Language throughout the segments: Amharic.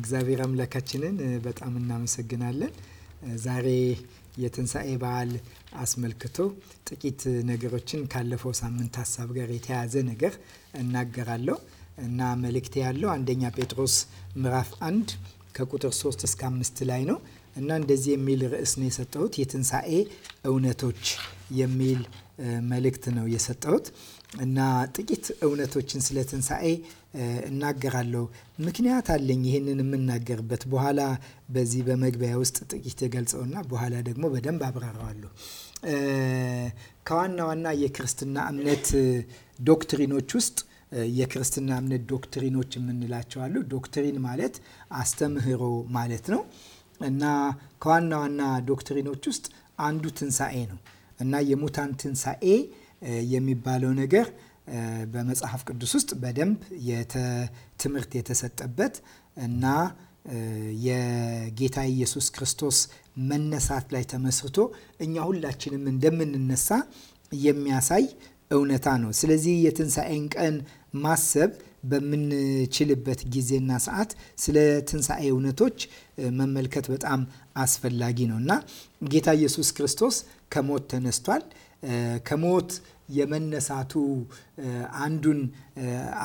እግዚአብሔር አምላካችንን በጣም እናመሰግናለን። ዛሬ የትንሣኤ በዓል አስመልክቶ ጥቂት ነገሮችን ካለፈው ሳምንት ሀሳብ ጋር የተያያዘ ነገር እናገራለሁ እና መልእክቴ ያለው አንደኛ ጴጥሮስ ምዕራፍ አንድ ከቁጥር ሶስት እስከ አምስት ላይ ነው እና እንደዚህ የሚል ርዕስ ነው የሰጠሁት የትንሣኤ እውነቶች የሚል መልእክት ነው የሰጠሁት እና ጥቂት እውነቶችን ስለ ትንሣኤ እናገራለሁ። ምክንያት አለኝ ይህንን የምናገርበት። በኋላ በዚህ በመግቢያ ውስጥ ጥቂት የገልጸውና በኋላ ደግሞ በደንብ አብራራዋለሁ። ከዋና ዋና የክርስትና እምነት ዶክትሪኖች ውስጥ የክርስትና እምነት ዶክትሪኖች የምንላቸው አሉ። ዶክትሪን ማለት አስተምህሮ ማለት ነው እና ከዋና ዋና ዶክትሪኖች ውስጥ አንዱ ትንሣኤ ነው። እና የሙታን ትንሣኤ የሚባለው ነገር በመጽሐፍ ቅዱስ ውስጥ በደንብ ትምህርት የተሰጠበት እና የጌታ ኢየሱስ ክርስቶስ መነሳት ላይ ተመስርቶ እኛ ሁላችንም እንደምንነሳ የሚያሳይ እውነታ ነው። ስለዚህ የትንሣኤን ቀን ማሰብ በምንችልበት ጊዜና ሰዓት ስለ ትንሣኤ እውነቶች መመልከት በጣም አስፈላጊ ነው እና ጌታ ኢየሱስ ክርስቶስ ከሞት ተነስቷል። ከሞት የመነሳቱ አንዱን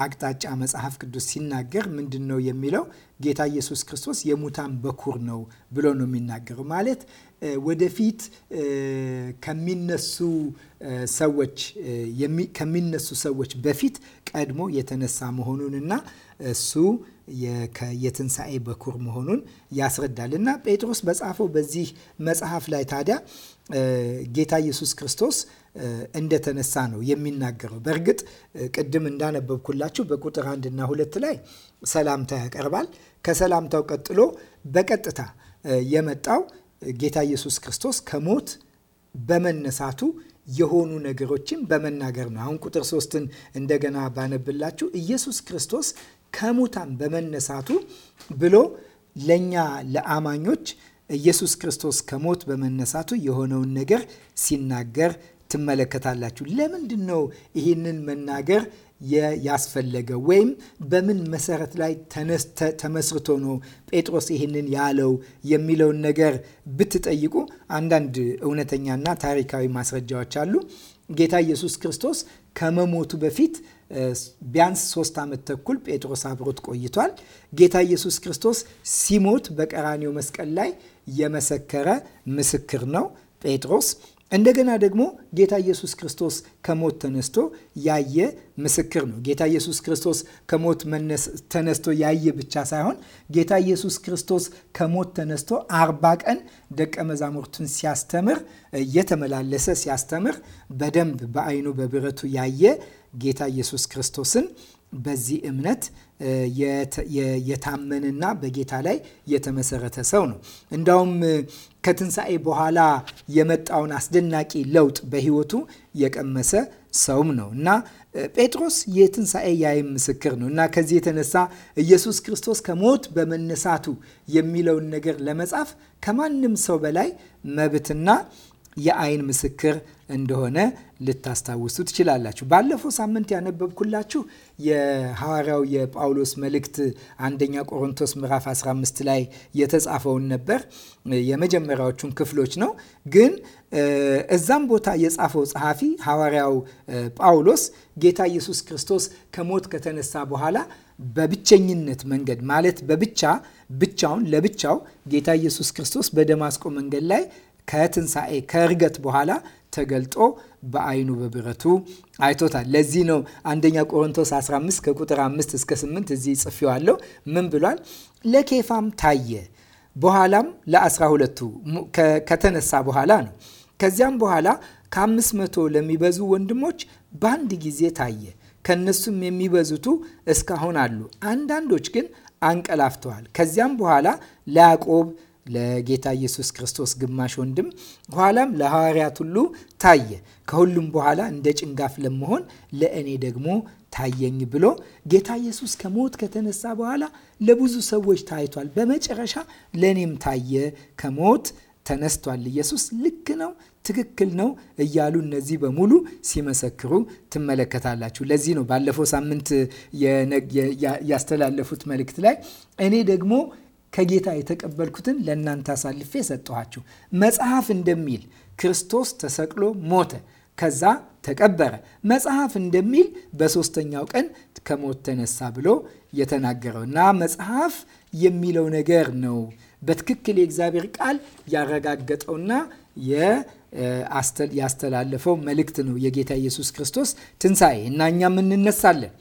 አቅጣጫ መጽሐፍ ቅዱስ ሲናገር ምንድን ነው የሚለው? ጌታ ኢየሱስ ክርስቶስ የሙታን በኩር ነው ብሎ ነው የሚናገረው። ማለት ወደፊት ከሚነሱ ሰዎች ከሚነሱ ሰዎች በፊት ቀድሞ የተነሳ መሆኑን እና እሱ የትንሣኤ በኩር መሆኑን ያስረዳል እና ጴጥሮስ በጻፈው በዚህ መጽሐፍ ላይ ታዲያ ጌታ ኢየሱስ ክርስቶስ እንደተነሳ ነው የሚናገረው። በእርግጥ ቅድም እንዳነበብኩላችሁ በቁጥር አንድ እና ሁለት ላይ ሰላምታ ያቀርባል። ከሰላምታው ቀጥሎ በቀጥታ የመጣው ጌታ ኢየሱስ ክርስቶስ ከሞት በመነሳቱ የሆኑ ነገሮችን በመናገር ነው። አሁን ቁጥር ሶስትን እንደገና ባነብላችሁ ኢየሱስ ክርስቶስ ከሙታን በመነሳቱ ብሎ ለእኛ ለአማኞች ኢየሱስ ክርስቶስ ከሞት በመነሳቱ የሆነውን ነገር ሲናገር ትመለከታላችሁ። ለምንድን ነው ይህንን መናገር ያስፈለገው ወይም በምን መሰረት ላይ ተመስርቶ ነው ጴጥሮስ ይህንን ያለው የሚለውን ነገር ብትጠይቁ አንዳንድ እውነተኛና ታሪካዊ ማስረጃዎች አሉ። ጌታ ኢየሱስ ክርስቶስ ከመሞቱ በፊት ቢያንስ ሶስት ዓመት ተኩል ጴጥሮስ አብሮት ቆይቷል። ጌታ ኢየሱስ ክርስቶስ ሲሞት በቀራኒው መስቀል ላይ የመሰከረ ምስክር ነው ጴጥሮስ። እንደገና ደግሞ ጌታ ኢየሱስ ክርስቶስ ከሞት ተነስቶ ያየ ምስክር ነው። ጌታ ኢየሱስ ክርስቶስ ከሞት ተነስቶ ያየ ብቻ ሳይሆን ጌታ ኢየሱስ ክርስቶስ ከሞት ተነስቶ አርባ ቀን ደቀ መዛሙርቱን ሲያስተምር እየተመላለሰ ሲያስተምር በደንብ በአይኑ በብረቱ ያየ ጌታ ኢየሱስ ክርስቶስን በዚህ እምነት የታመነና በጌታ ላይ የተመሰረተ ሰው ነው። እንዳውም ከትንሣኤ በኋላ የመጣውን አስደናቂ ለውጥ በሕይወቱ የቀመሰ ሰውም ነው እና ጴጥሮስ የትንሣኤ ያይም ምስክር ነው እና ከዚህ የተነሳ ኢየሱስ ክርስቶስ ከሞት በመነሳቱ የሚለውን ነገር ለመጻፍ ከማንም ሰው በላይ መብትና የአይን ምስክር እንደሆነ ልታስታውሱ ትችላላችሁ። ባለፈው ሳምንት ያነበብኩላችሁ የሐዋርያው የጳውሎስ መልእክት አንደኛ ቆሮንቶስ ምዕራፍ 15 ላይ የተጻፈውን ነበር። የመጀመሪያዎቹን ክፍሎች ነው። ግን እዛም ቦታ የጻፈው ጸሐፊ ሐዋርያው ጳውሎስ ጌታ ኢየሱስ ክርስቶስ ከሞት ከተነሳ በኋላ በብቸኝነት መንገድ ማለት በብቻ ብቻውን ለብቻው ጌታ ኢየሱስ ክርስቶስ በደማስቆ መንገድ ላይ ከትንሣኤ ከእርገት በኋላ ተገልጦ በአይኑ በብረቱ አይቶታል። ለዚህ ነው አንደኛ ቆሮንቶስ 15 ከቁጥር 5 እስከ 8 እዚህ ጽፌዋለሁ። ምን ብሏል? ለኬፋም ታየ፣ በኋላም ለአስራ ሁለቱ ከተነሳ በኋላ ነው። ከዚያም በኋላ ከአምስት መቶ ለሚበዙ ወንድሞች በአንድ ጊዜ ታየ። ከነሱም የሚበዙቱ እስካሁን አሉ፣ አንዳንዶች ግን አንቀላፍተዋል። ከዚያም በኋላ ለያዕቆብ ለጌታ ኢየሱስ ክርስቶስ ግማሽ ወንድም ኋላም ለሐዋርያት ሁሉ ታየ። ከሁሉም በኋላ እንደ ጭንጋፍ ለመሆን ለእኔ ደግሞ ታየኝ ብሎ ጌታ ኢየሱስ ከሞት ከተነሳ በኋላ ለብዙ ሰዎች ታይቷል። በመጨረሻ ለእኔም ታየ። ከሞት ተነስቷል ኢየሱስ። ልክ ነው፣ ትክክል ነው እያሉ እነዚህ በሙሉ ሲመሰክሩ ትመለከታላችሁ። ለዚህ ነው ባለፈው ሳምንት ያስተላለፉት መልእክት ላይ እኔ ደግሞ ከጌታ የተቀበልኩትን ለእናንተ አሳልፌ ሰጠኋችሁ። መጽሐፍ እንደሚል ክርስቶስ ተሰቅሎ ሞተ፣ ከዛ ተቀበረ። መጽሐፍ እንደሚል በሦስተኛው ቀን ከሞት ተነሳ ብሎ የተናገረው እና መጽሐፍ የሚለው ነገር ነው በትክክል የእግዚአብሔር ቃል ያረጋገጠውና ያስተላለፈው መልእክት ነው የጌታ ኢየሱስ ክርስቶስ ትንሣኤ እና እኛም እንነሳለን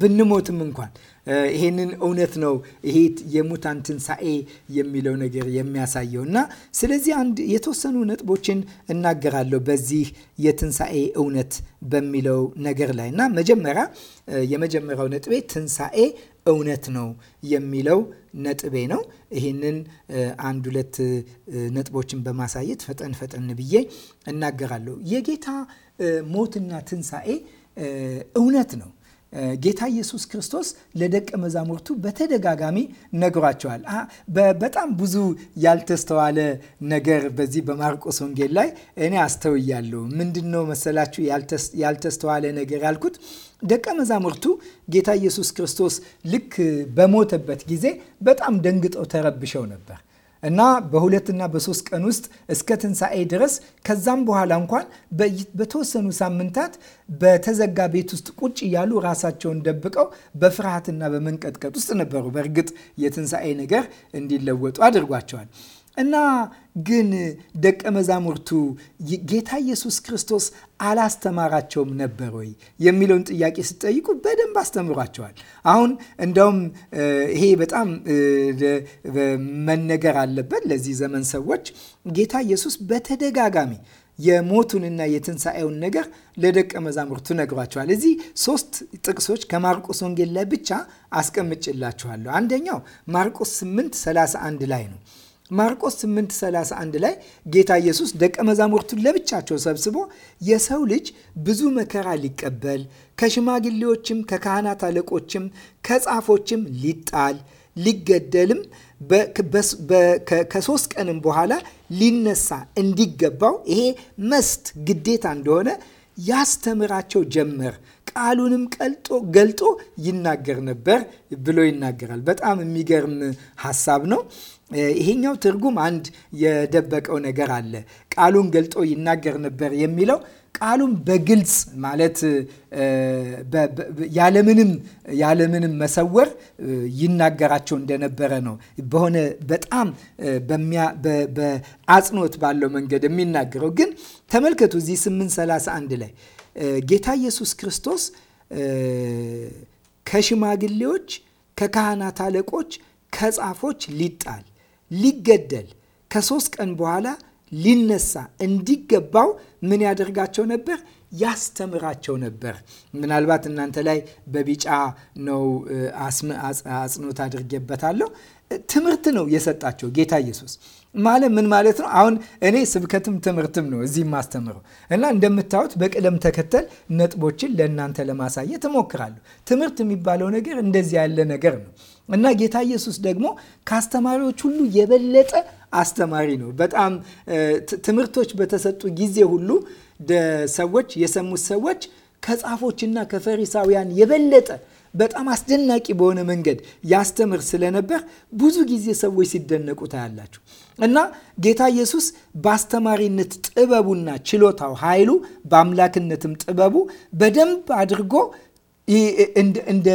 ብንሞትም እንኳን ይሄንን እውነት ነው ይሄ የሙታን ትንሣኤ የሚለው ነገር የሚያሳየው እና ስለዚህ አንድ የተወሰኑ ነጥቦችን እናገራለሁ በዚህ የትንሣኤ እውነት በሚለው ነገር ላይ እና መጀመሪያ የመጀመሪያው ነጥቤ ትንሣኤ እውነት ነው የሚለው ነጥቤ ነው። ይህንን አንድ ሁለት ነጥቦችን በማሳየት ፈጠን ፈጠን ብዬ እናገራለሁ። የጌታ ሞትና ትንሣኤ እውነት ነው ጌታ ኢየሱስ ክርስቶስ ለደቀ መዛሙርቱ በተደጋጋሚ ነግሯቸዋል። በጣም ብዙ ያልተስተዋለ ነገር በዚህ በማርቆስ ወንጌል ላይ እኔ አስተውያለሁ። ምንድን ነው መሰላችሁ ያልተስተዋለ ነገር ያልኩት? ደቀ መዛሙርቱ ጌታ ኢየሱስ ክርስቶስ ልክ በሞተበት ጊዜ በጣም ደንግጠው ተረብሸው ነበር። እና በሁለትና በሶስት ቀን ውስጥ እስከ ትንሣኤ ድረስ ከዛም በኋላ እንኳን በተወሰኑ ሳምንታት በተዘጋ ቤት ውስጥ ቁጭ እያሉ ራሳቸውን ደብቀው በፍርሃትና በመንቀጥቀጥ ውስጥ ነበሩ። በእርግጥ የትንሣኤ ነገር እንዲለወጡ አድርጓቸዋል። እና ግን ደቀ መዛሙርቱ ጌታ ኢየሱስ ክርስቶስ አላስተማራቸውም ነበር ወይ የሚለውን ጥያቄ ስትጠይቁ በደንብ አስተምሯቸዋል። አሁን እንደውም ይሄ በጣም መነገር አለበት ለዚህ ዘመን ሰዎች ጌታ ኢየሱስ በተደጋጋሚ የሞቱንና የትንሣኤውን ነገር ለደቀ መዛሙርቱ ነግሯቸዋል። እዚህ ሶስት ጥቅሶች ከማርቆስ ወንጌል ላይ ብቻ አስቀምጭላችኋለሁ። አንደኛው ማርቆስ 8 31 ላይ ነው ማርቆስ 8:31 ላይ ጌታ ኢየሱስ ደቀ መዛሙርቱን ለብቻቸው ሰብስቦ የሰው ልጅ ብዙ መከራ ሊቀበል ከሽማግሌዎችም ከካህናት አለቆችም ከጻፎችም ሊጣል ሊገደልም ከሶስት ቀንም በኋላ ሊነሳ እንዲገባው ይሄ መስት ግዴታ እንደሆነ ያስተምራቸው ጀመር። ቃሉንም ቀልጦ ገልጦ ይናገር ነበር ብሎ ይናገራል። በጣም የሚገርም ሀሳብ ነው። ይሄኛው ትርጉም አንድ የደበቀው ነገር አለ። ቃሉን ገልጦ ይናገር ነበር የሚለው ቃሉን በግልጽ ማለት ያለምንም ያለምንም መሰወር ይናገራቸው እንደነበረ ነው። በሆነ በጣም በአጽንኦት ባለው መንገድ የሚናገረው ግን ተመልከቱ፣ እዚህ 831 ላይ ጌታ ኢየሱስ ክርስቶስ ከሽማግሌዎች፣ ከካህናት አለቆች፣ ከጻፎች ሊጣል ሊገደል ከሶስት ቀን በኋላ ሊነሳ እንዲገባው ምን ያደርጋቸው ነበር? ያስተምራቸው ነበር። ምናልባት እናንተ ላይ በቢጫ ነው አጽንኦት አድርጌበታለሁ። ትምህርት ነው የሰጣቸው ጌታ ኢየሱስ ማለት ምን ማለት ነው? አሁን እኔ ስብከትም ትምህርትም ነው እዚህ የማስተምረው እና እንደምታዩት በቅደም ተከተል ነጥቦችን ለእናንተ ለማሳየት እሞክራለሁ። ትምህርት የሚባለው ነገር እንደዚህ ያለ ነገር ነው። እና ጌታ ኢየሱስ ደግሞ ከአስተማሪዎች ሁሉ የበለጠ አስተማሪ ነው። በጣም ትምህርቶች በተሰጡ ጊዜ ሁሉ ሰዎች የሰሙት ሰዎች ከጻፎችና ከፈሪሳውያን የበለጠ በጣም አስደናቂ በሆነ መንገድ ያስተምር ስለነበር ብዙ ጊዜ ሰዎች ሲደነቁ ታያላችሁ። እና ጌታ ኢየሱስ በአስተማሪነት ጥበቡና ችሎታው ኃይሉ፣ በአምላክነትም ጥበቡ በደንብ አድርጎ እንደ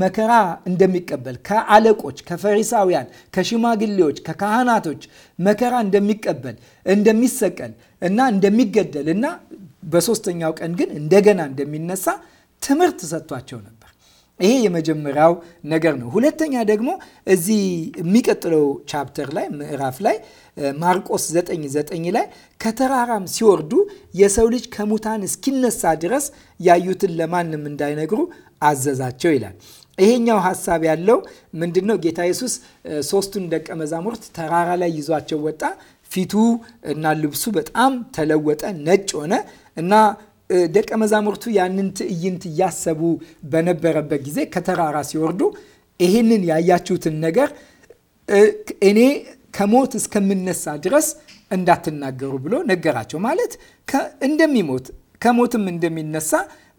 መከራ እንደሚቀበል ከአለቆች፣ ከፈሪሳውያን፣ ከሽማግሌዎች፣ ከካህናቶች መከራ እንደሚቀበል እንደሚሰቀል እና እንደሚገደል እና በሶስተኛው ቀን ግን እንደገና እንደሚነሳ ትምህርት ሰጥቷቸው ነበር። ይሄ የመጀመሪያው ነገር ነው። ሁለተኛ ደግሞ እዚህ የሚቀጥለው ቻፕተር ላይ ምዕራፍ ላይ ማርቆስ 9:9 ላይ ከተራራም ሲወርዱ የሰው ልጅ ከሙታን እስኪነሳ ድረስ ያዩትን ለማንም እንዳይነግሩ አዘዛቸው ይላል። ይሄኛው ሀሳብ ያለው ምንድን ነው? ጌታ ኢየሱስ ሶስቱን ደቀ መዛሙርት ተራራ ላይ ይዟቸው ወጣ። ፊቱ እና ልብሱ በጣም ተለወጠ፣ ነጭ ሆነ እና ደቀ መዛሙርቱ ያንን ትዕይንት እያሰቡ በነበረበት ጊዜ ከተራራ ሲወርዱ ይሄንን ያያችሁትን ነገር እኔ ከሞት እስከምነሳ ድረስ እንዳትናገሩ ብሎ ነገራቸው። ማለት እንደሚሞት ከሞትም እንደሚነሳ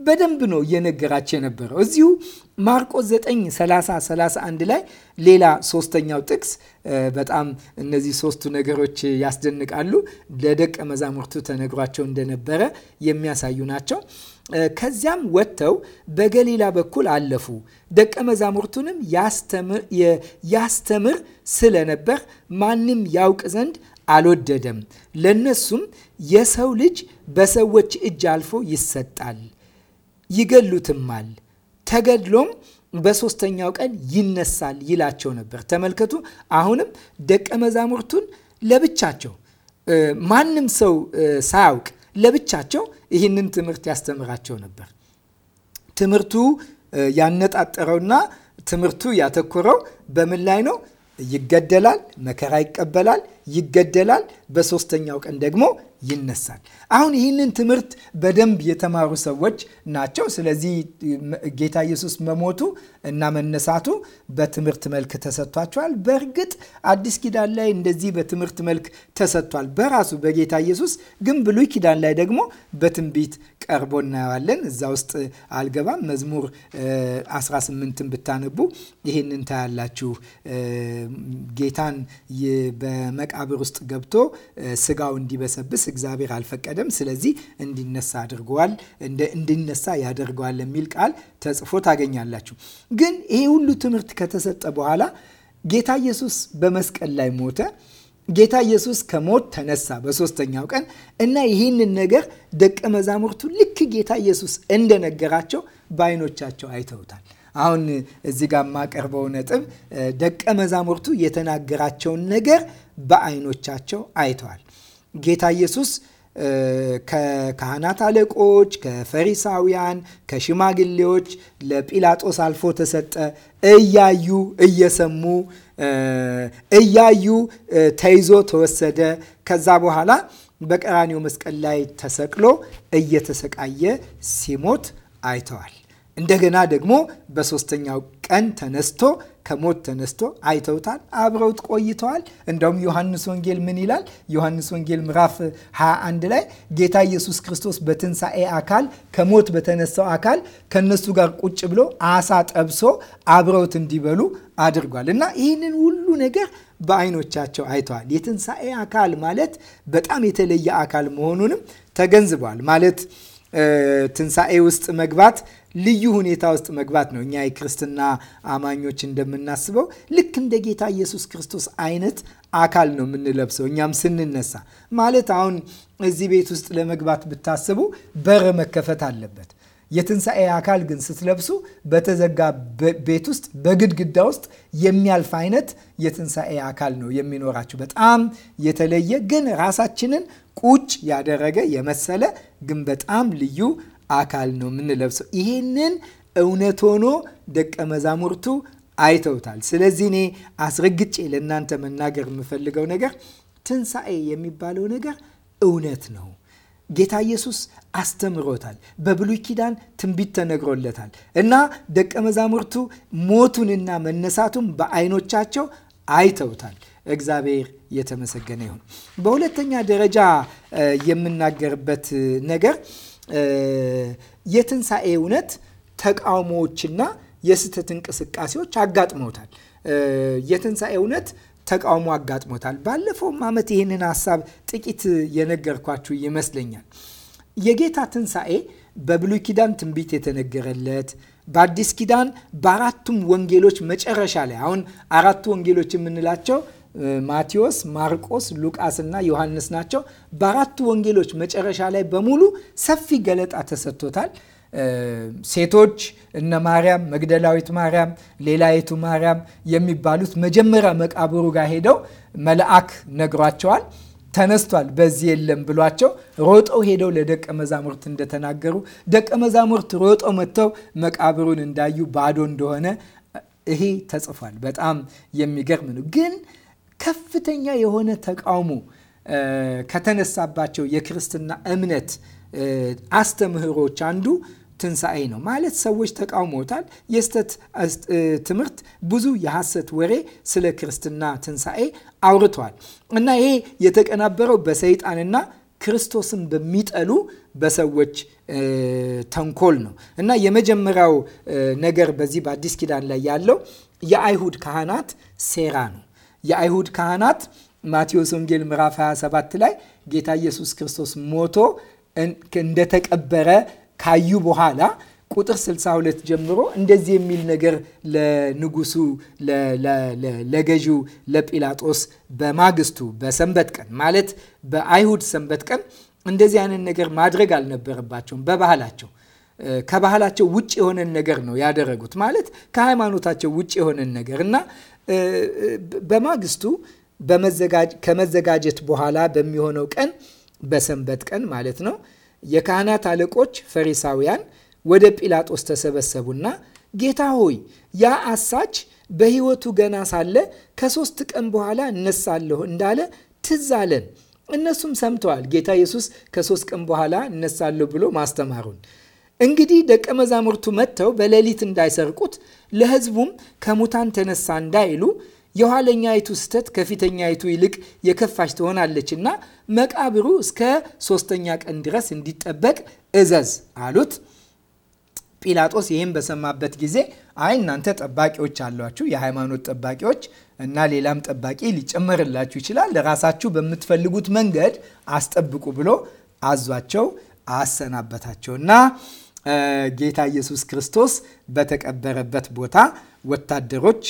በደንብ ነው እየነገራቸው የነበረው። እዚሁ ማርቆስ 9 30 31 ላይ ሌላ ሶስተኛው ጥቅስ በጣም እነዚህ ሶስቱ ነገሮች ያስደንቃሉ። ለደቀ መዛሙርቱ ተነግሯቸው እንደነበረ የሚያሳዩ ናቸው። ከዚያም ወጥተው በገሊላ በኩል አለፉ። ደቀ መዛሙርቱንም ያስተምር ስለነበር ማንም ያውቅ ዘንድ አልወደደም። ለነሱም የሰው ልጅ በሰዎች እጅ አልፎ ይሰጣል ይገሉትማል፣ ተገድሎም በሶስተኛው ቀን ይነሳል ይላቸው ነበር። ተመልከቱ፣ አሁንም ደቀ መዛሙርቱን ለብቻቸው ማንም ሰው ሳያውቅ ለብቻቸው ይህንን ትምህርት ያስተምራቸው ነበር። ትምህርቱ ያነጣጠረውና ትምህርቱ ያተኮረው በምን ላይ ነው? ይገደላል፣ መከራ ይቀበላል፣ ይገደላል፣ በሶስተኛው ቀን ደግሞ ይነሳል። አሁን ይህንን ትምህርት በደንብ የተማሩ ሰዎች ናቸው። ስለዚህ ጌታ ኢየሱስ መሞቱ እና መነሳቱ በትምህርት መልክ ተሰጥቷቸዋል። በእርግጥ አዲስ ኪዳን ላይ እንደዚህ በትምህርት መልክ ተሰጥቷል በራሱ በጌታ ኢየሱስ ግን፣ ብሉይ ኪዳን ላይ ደግሞ በትንቢት ቀርቦ እናየዋለን። እዛ ውስጥ አልገባም። መዝሙር 18ን ብታነቡ ይህንን ታያላችሁ። ጌታን በመቃ መቃብር ውስጥ ገብቶ ስጋው እንዲበሰብስ እግዚአብሔር አልፈቀደም። ስለዚህ እንዲነሳ አድርገዋል፣ እንዲነሳ ያደርገዋል የሚል ቃል ተጽፎ ታገኛላችሁ። ግን ይሄ ሁሉ ትምህርት ከተሰጠ በኋላ ጌታ ኢየሱስ በመስቀል ላይ ሞተ። ጌታ ኢየሱስ ከሞት ተነሳ በሶስተኛው ቀን እና ይህንን ነገር ደቀ መዛሙርቱ ልክ ጌታ ኢየሱስ እንደነገራቸው በአይኖቻቸው አይተውታል። አሁን እዚህ ጋር የማቀርበው ነጥብ ደቀ መዛሙርቱ የተናገራቸውን ነገር በአይኖቻቸው አይተዋል። ጌታ ኢየሱስ ከካህናት አለቆች፣ ከፈሪሳውያን፣ ከሽማግሌዎች ለጲላጦስ አልፎ ተሰጠ። እያዩ እየሰሙ እያዩ ተይዞ ተወሰደ። ከዛ በኋላ በቀራኒው መስቀል ላይ ተሰቅሎ እየተሰቃየ ሲሞት አይተዋል። እንደገና ደግሞ በሶስተኛው ቀን ተነስቶ ከሞት ተነስቶ አይተውታል፣ አብረውት ቆይተዋል። እንደውም ዮሐንስ ወንጌል ምን ይላል? ዮሐንስ ወንጌል ምዕራፍ 21 ላይ ጌታ ኢየሱስ ክርስቶስ በትንሣኤ አካል ከሞት በተነሳው አካል ከነሱ ጋር ቁጭ ብሎ አሳ ጠብሶ አብረውት እንዲበሉ አድርጓል እና ይህንን ሁሉ ነገር በአይኖቻቸው አይተዋል። የትንሣኤ አካል ማለት በጣም የተለየ አካል መሆኑንም ተገንዝበዋል። ማለት ትንሣኤ ውስጥ መግባት ልዩ ሁኔታ ውስጥ መግባት ነው። እኛ የክርስትና አማኞች እንደምናስበው ልክ እንደ ጌታ ኢየሱስ ክርስቶስ አይነት አካል ነው የምንለብሰው እኛም ስንነሳ። ማለት አሁን እዚህ ቤት ውስጥ ለመግባት ብታስቡ በር መከፈት አለበት። የትንሣኤ አካል ግን ስትለብሱ በተዘጋ ቤት ውስጥ በግድግዳ ውስጥ የሚያልፍ አይነት የትንሣኤ አካል ነው የሚኖራችሁ። በጣም የተለየ ግን ራሳችንን ቁጭ ያደረገ የመሰለ ግን በጣም ልዩ አካል ነው የምንለብሰው። ይህንን እውነት ሆኖ ደቀ መዛሙርቱ አይተውታል። ስለዚህ እኔ አስረግጬ ለእናንተ መናገር የምፈልገው ነገር ትንሣኤ የሚባለው ነገር እውነት ነው። ጌታ ኢየሱስ አስተምሮታል። በብሉይ ኪዳን ትንቢት ተነግሮለታል እና ደቀ መዛሙርቱ ሞቱንና መነሳቱን በዓይኖቻቸው አይተውታል። እግዚአብሔር የተመሰገነ ይሁን። በሁለተኛ ደረጃ የምናገርበት ነገር የትንሣኤ እውነት ተቃውሞዎችና የስህተት እንቅስቃሴዎች አጋጥመውታል። የትንሣኤ እውነት ተቃውሞ አጋጥሞታል። ባለፈውም ዓመት ይህንን ሀሳብ ጥቂት የነገርኳችሁ ይመስለኛል። የጌታ ትንሣኤ በብሉይ ኪዳን ትንቢት የተነገረለት በአዲስ ኪዳን በአራቱም ወንጌሎች መጨረሻ ላይ አሁን አራቱ ወንጌሎች የምንላቸው ማቴዎስ፣ ማርቆስ፣ ሉቃስ እና ዮሐንስ ናቸው። በአራቱ ወንጌሎች መጨረሻ ላይ በሙሉ ሰፊ ገለጣ ተሰጥቶታል። ሴቶች እነ ማርያም መግደላዊት ማርያም፣ ሌላይቱ ማርያም የሚባሉት መጀመሪያ መቃብሩ ጋር ሄደው መልአክ ነግሯቸዋል ተነስቷል፣ በዚህ የለም ብሏቸው ሮጠው ሄደው ለደቀ መዛሙርት እንደተናገሩ ደቀ መዛሙርት ሮጠው መጥተው መቃብሩን እንዳዩ ባዶ እንደሆነ ይሄ ተጽፏል። በጣም የሚገርም ነው ግን ከፍተኛ የሆነ ተቃውሞ ከተነሳባቸው የክርስትና እምነት አስተምህሮች አንዱ ትንሣኤ ነው ማለት ሰዎች ተቃውሞታል። የስተት ትምህርት ብዙ የሐሰት ወሬ ስለ ክርስትና ትንሣኤ አውርተዋል እና ይሄ የተቀናበረው በሰይጣንና ክርስቶስን በሚጠሉ በሰዎች ተንኮል ነው እና የመጀመሪያው ነገር በዚህ በአዲስ ኪዳን ላይ ያለው የአይሁድ ካህናት ሴራ ነው። የአይሁድ ካህናት ማቴዎስ ወንጌል ምዕራፍ 27 ላይ ጌታ ኢየሱስ ክርስቶስ ሞቶ እንደተቀበረ ካዩ በኋላ ቁጥር 62 ጀምሮ እንደዚህ የሚል ነገር ለንጉሱ ለገዢው ለጲላጦስ በማግስቱ በሰንበት ቀን ማለት በአይሁድ ሰንበት ቀን እንደዚህ አይነት ነገር ማድረግ አልነበረባቸውም። በባህላቸው ከባህላቸው ውጭ የሆነን ነገር ነው ያደረጉት ማለት ከሃይማኖታቸው ውጭ የሆነን ነገር እና በማግስቱ ከመዘጋጀት በኋላ በሚሆነው ቀን በሰንበት ቀን ማለት ነው የካህናት አለቆች ፈሪሳውያን ወደ ጲላጦስ ተሰበሰቡና ጌታ ሆይ ያ አሳች በሕይወቱ ገና ሳለ ከሶስት ቀን በኋላ እነሳለሁ እንዳለ ትዝ አለን። እነሱም ሰምተዋል ጌታ ኢየሱስ ከሶስት ቀን በኋላ እነሳለሁ ብሎ ማስተማሩን። እንግዲህ ደቀ መዛሙርቱ መጥተው በሌሊት እንዳይሰርቁት ለሕዝቡም ከሙታን ተነሳ እንዳይሉ የኋለኛይቱ ስህተት ከፊተኛይቱ ይልቅ የከፋች ትሆናለች እና መቃብሩ እስከ ሶስተኛ ቀን ድረስ እንዲጠበቅ እዘዝ አሉት። ጲላጦስ ይህም በሰማበት ጊዜ አይ እናንተ ጠባቂዎች አሏችሁ፣ የሃይማኖት ጠባቂዎች እና ሌላም ጠባቂ ሊጨመርላችሁ ይችላል፣ ለራሳችሁ በምትፈልጉት መንገድ አስጠብቁ ብሎ አዟቸው አሰናበታቸውና ጌታ ኢየሱስ ክርስቶስ በተቀበረበት ቦታ ወታደሮች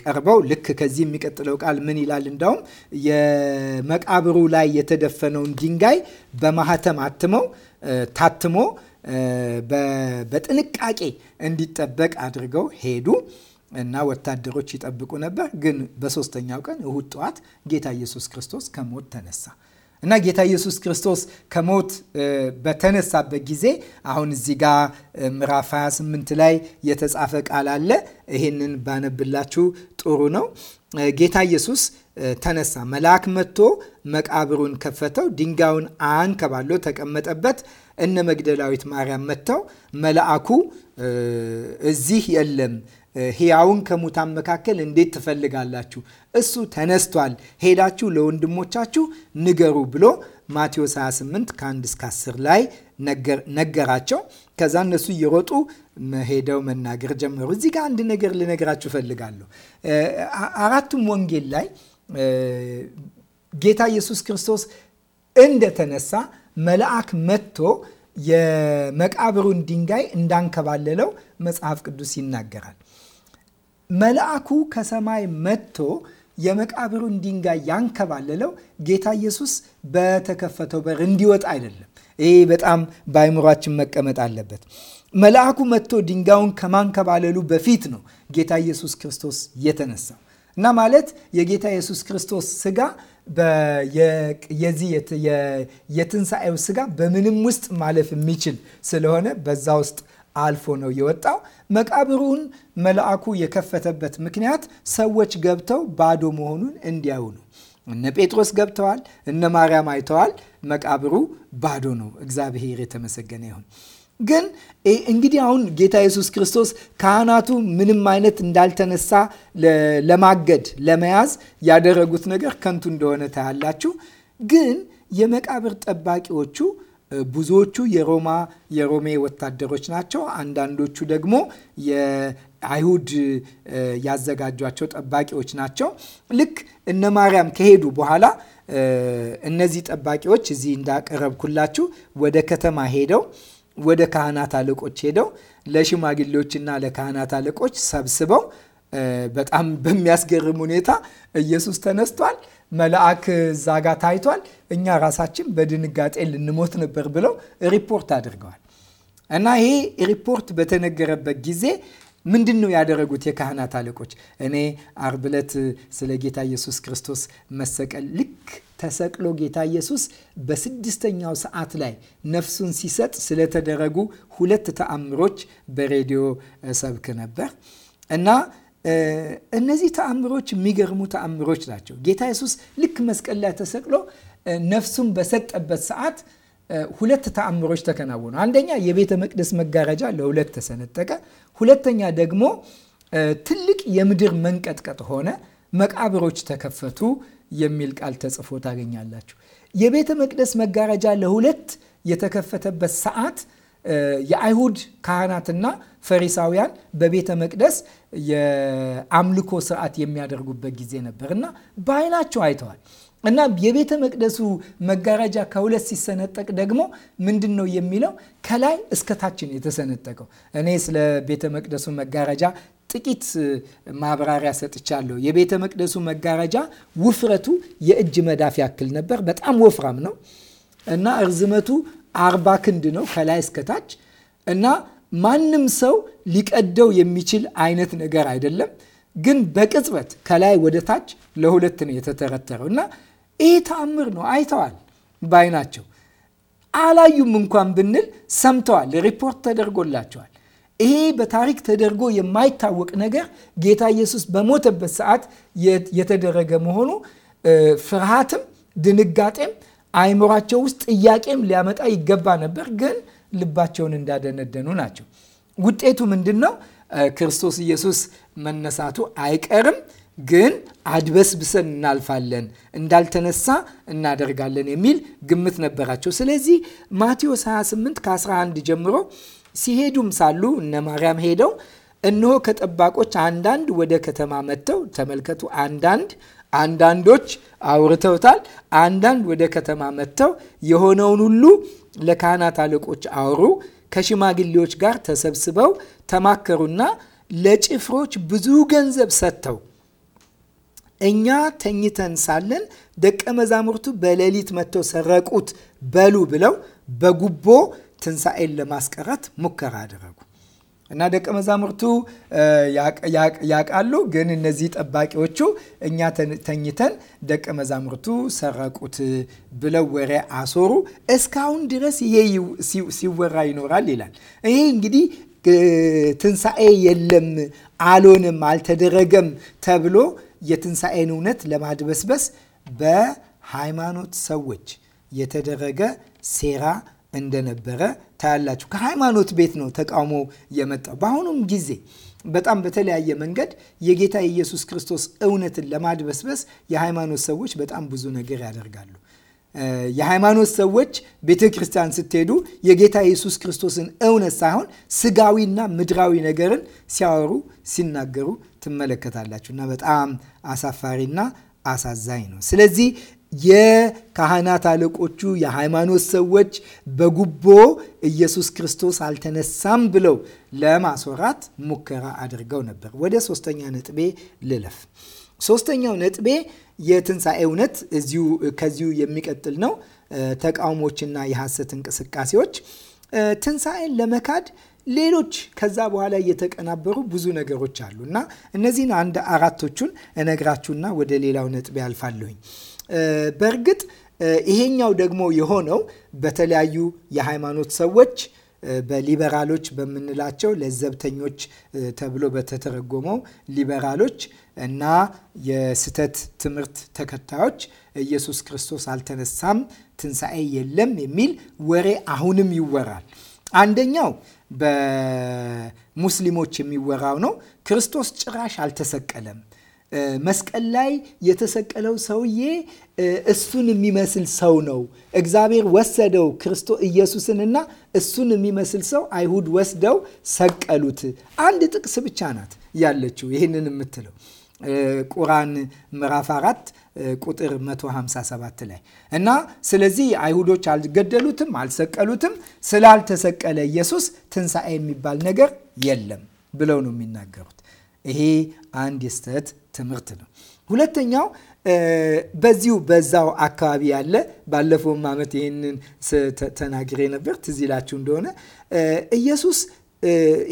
ቀርበው ልክ ከዚህ የሚቀጥለው ቃል ምን ይላል? እንዳውም የመቃብሩ ላይ የተደፈነውን ድንጋይ በማህተም አትመው ታትሞ በጥንቃቄ እንዲጠበቅ አድርገው ሄዱ እና ወታደሮች ይጠብቁ ነበር። ግን በሶስተኛው ቀን እሁድ ጠዋት ጌታ ኢየሱስ ክርስቶስ ከሞት ተነሳ። እና ጌታ ኢየሱስ ክርስቶስ ከሞት በተነሳበት ጊዜ አሁን እዚህ ጋር ምዕራፍ 28 ላይ የተጻፈ ቃል አለ። ይህንን ባነብላችሁ ጥሩ ነው። ጌታ ኢየሱስ ተነሳ። መልአክ መጥቶ መቃብሩን ከፈተው፣ ድንጋዩን አንከባሎ ተቀመጠበት። እነ መግደላዊት ማርያም መጥተው መልአኩ እዚህ የለም ሕያውን ከሙታን መካከል እንዴት ትፈልጋላችሁ? እሱ ተነስቷል፣ ሄዳችሁ ለወንድሞቻችሁ ንገሩ ብሎ ማቴዎስ 28 ከ1 እስከ 10 ላይ ነገራቸው። ከዛ እነሱ እየሮጡ መሄደው መናገር ጀመሩ። እዚህ ጋር አንድ ነገር ልነግራችሁ እፈልጋለሁ። አራቱም ወንጌል ላይ ጌታ ኢየሱስ ክርስቶስ እንደተነሳ መልአክ መጥቶ የመቃብሩን ድንጋይ እንዳንከባለለው መጽሐፍ ቅዱስ ይናገራል። መልአኩ ከሰማይ መጥቶ የመቃብሩን ድንጋይ ያንከባለለው ጌታ ኢየሱስ በተከፈተው በር እንዲወጣ አይደለም። ይህ በጣም በአይምሯችን መቀመጥ አለበት። መልአኩ መጥቶ ድንጋዩን ከማንከባለሉ በፊት ነው ጌታ ኢየሱስ ክርስቶስ የተነሳው እና ማለት የጌታ ኢየሱስ ክርስቶስ ስጋ የዚህ የትንሣኤው ስጋ በምንም ውስጥ ማለፍ የሚችል ስለሆነ በዛ ውስጥ አልፎ ነው የወጣው። መቃብሩን መልአኩ የከፈተበት ምክንያት ሰዎች ገብተው ባዶ መሆኑን እንዲያዩ ነው። እነ ጴጥሮስ ገብተዋል፣ እነ ማርያም አይተዋል። መቃብሩ ባዶ ነው። እግዚአብሔር የተመሰገነ ይሁን። ግን እንግዲህ አሁን ጌታ ኢየሱስ ክርስቶስ ካህናቱ ምንም አይነት እንዳልተነሳ ለማገድ ለመያዝ ያደረጉት ነገር ከንቱ እንደሆነ ታያላችሁ። ግን የመቃብር ጠባቂዎቹ ብዙዎቹ የሮማ የሮሜ ወታደሮች ናቸው። አንዳንዶቹ ደግሞ የአይሁድ ያዘጋጇቸው ጠባቂዎች ናቸው። ልክ እነ ማርያም ከሄዱ በኋላ እነዚህ ጠባቂዎች እዚህ እንዳቀረብኩላችሁ ወደ ከተማ ሄደው ወደ ካህናት አለቆች ሄደው ለሽማግሌዎችና ለካህናት አለቆች ሰብስበው በጣም በሚያስገርም ሁኔታ ኢየሱስ ተነስቷል መልአክ እዛ ታይቷል፣ እኛ ራሳችን በድንጋጤ ልንሞት ነበር ብለው ሪፖርት አድርገዋል። እና ይሄ ሪፖርት በተነገረበት ጊዜ ምንድን ነው ያደረጉት የካህናት አለቆች? እኔ አርብ ዕለት ስለ ጌታ ኢየሱስ ክርስቶስ መሰቀል ልክ ተሰቅሎ ጌታ ኢየሱስ በስድስተኛው ሰዓት ላይ ነፍሱን ሲሰጥ ስለተደረጉ ሁለት ተአምሮች በሬዲዮ ሰብክ ነበር እና እነዚህ ተአምሮች የሚገርሙ ተአምሮች ናቸው። ጌታ ኢየሱስ ልክ መስቀል ላይ ተሰቅሎ ነፍሱን በሰጠበት ሰዓት ሁለት ተአምሮች ተከናወኑ። አንደኛ የቤተ መቅደስ መጋረጃ ለሁለት ተሰነጠቀ። ሁለተኛ ደግሞ ትልቅ የምድር መንቀጥቀጥ ሆነ፣ መቃብሮች ተከፈቱ የሚል ቃል ተጽፎ ታገኛላችሁ። የቤተ መቅደስ መጋረጃ ለሁለት የተከፈተበት ሰዓት የአይሁድ ካህናትና ፈሪሳውያን በቤተ መቅደስ የአምልኮ ስርዓት የሚያደርጉበት ጊዜ ነበር እና በአይናቸው አይተዋል እና የቤተ መቅደሱ መጋረጃ ከሁለት ሲሰነጠቅ ደግሞ ምንድን ነው የሚለው? ከላይ እስከታችን የተሰነጠቀው። እኔ ስለ ቤተ መቅደሱ መጋረጃ ጥቂት ማብራሪያ ሰጥቻለሁ። የቤተ መቅደሱ መጋረጃ ውፍረቱ የእጅ መዳፍ ያክል ነበር። በጣም ወፍራም ነው እና እርዝመቱ አርባ ክንድ ነው ከላይ እስከታች እና ማንም ሰው ሊቀደው የሚችል አይነት ነገር አይደለም። ግን በቅጽበት ከላይ ወደ ታች ለሁለት ነው የተተረተረው እና ይህ ተአምር ነው። አይተዋል ባይናቸው አላዩም እንኳን ብንል ሰምተዋል። ሪፖርት ተደርጎላቸዋል። ይሄ በታሪክ ተደርጎ የማይታወቅ ነገር ጌታ ኢየሱስ በሞተበት ሰዓት የተደረገ መሆኑ ፍርሃትም ድንጋጤም አይምሯቸው ውስጥ ጥያቄም ሊያመጣ ይገባ ነበር ግን ልባቸውን እንዳደነደኑ ናቸው። ውጤቱ ምንድን ነው? ክርስቶስ ኢየሱስ መነሳቱ አይቀርም፣ ግን አድበስብሰን እናልፋለን፣ እንዳልተነሳ እናደርጋለን የሚል ግምት ነበራቸው። ስለዚህ ማቴዎስ 28 ከ11 ጀምሮ ሲሄዱም ሳሉ እነ ማርያም ሄደው እነሆ ከጠባቆች አንዳንድ ወደ ከተማ መጥተው፣ ተመልከቱ፣ አንዳንድ አንዳንዶች አውርተውታል። አንዳንድ ወደ ከተማ መጥተው የሆነውን ሁሉ ለካህናት አለቆች አወሩ። ከሽማግሌዎች ጋር ተሰብስበው ተማከሩና ለጭፍሮች ብዙ ገንዘብ ሰጥተው እኛ ተኝተን ሳለን ደቀ መዛሙርቱ በሌሊት መጥተው ሰረቁት በሉ ብለው በጉቦ ትንሣኤን ለማስቀረት ሙከራ አደረጉ። እና ደቀ መዛሙርቱ ያውቃሉ፣ ግን እነዚህ ጠባቂዎቹ እኛ ተኝተን ደቀ መዛሙርቱ ሰረቁት ብለው ወሬ አሶሩ። እስካሁን ድረስ ይሄ ሲወራ ይኖራል ይላል። ይሄ እንግዲህ ትንሣኤ የለም አሎንም አልተደረገም ተብሎ የትንሣኤን እውነት ለማድበስበስ በሃይማኖት ሰዎች የተደረገ ሴራ እንደነበረ ታያላችሁ። ከሃይማኖት ቤት ነው ተቃውሞ የመጣው። በአሁኑም ጊዜ በጣም በተለያየ መንገድ የጌታ የኢየሱስ ክርስቶስ እውነትን ለማድበስበስ የሃይማኖት ሰዎች በጣም ብዙ ነገር ያደርጋሉ። የሃይማኖት ሰዎች ቤተ ክርስቲያን ስትሄዱ የጌታ ኢየሱስ ክርስቶስን እውነት ሳይሆን ስጋዊና ምድራዊ ነገርን ሲያወሩ ሲናገሩ ትመለከታላችሁ እና በጣም አሳፋሪና አሳዛኝ ነው። ስለዚህ የካህናት አለቆቹ የሃይማኖት ሰዎች በጉቦ ኢየሱስ ክርስቶስ አልተነሳም ብለው ለማስወራት ሙከራ አድርገው ነበር። ወደ ሶስተኛ ነጥቤ ልለፍ። ሶስተኛው ነጥቤ የትንሣኤ እውነት እዚሁ ከዚሁ የሚቀጥል ነው። ተቃውሞችና የሐሰት እንቅስቃሴዎች ትንሣኤን ለመካድ ሌሎች ከዛ በኋላ እየተቀናበሩ ብዙ ነገሮች አሉ እና እነዚህን አንድ አራቶቹን እነግራችሁና ወደ ሌላው ነጥቤ አልፋለሁኝ። በእርግጥ ይሄኛው ደግሞ የሆነው በተለያዩ የሃይማኖት ሰዎች በሊበራሎች በምንላቸው ለዘብተኞች ተብሎ በተተረጎመው ሊበራሎች እና የስህተት ትምህርት ተከታዮች ኢየሱስ ክርስቶስ አልተነሳም፣ ትንሣኤ የለም የሚል ወሬ አሁንም ይወራል። አንደኛው በሙስሊሞች የሚወራው ነው። ክርስቶስ ጭራሽ አልተሰቀለም መስቀል ላይ የተሰቀለው ሰውዬ እሱን የሚመስል ሰው ነው። እግዚአብሔር ወሰደው ክርስቶ ኢየሱስንና እሱን የሚመስል ሰው አይሁድ ወስደው ሰቀሉት። አንድ ጥቅስ ብቻ ናት ያለችው ይህንን የምትለው ቁራን ምዕራፍ አራት ቁጥር 157 ላይ እና ስለዚህ አይሁዶች አልገደሉትም፣ አልሰቀሉትም። ስላልተሰቀለ ኢየሱስ ትንሣኤ የሚባል ነገር የለም ብለው ነው የሚናገሩት። ይሄ አንድ የስተት ትምህርት ነው። ሁለተኛው በዚሁ በዛው አካባቢ ያለ ባለፈውም ዓመት ይህንን ተናግሬ ነበር፣ ትዝ ይላችሁ እንደሆነ ኢየሱስ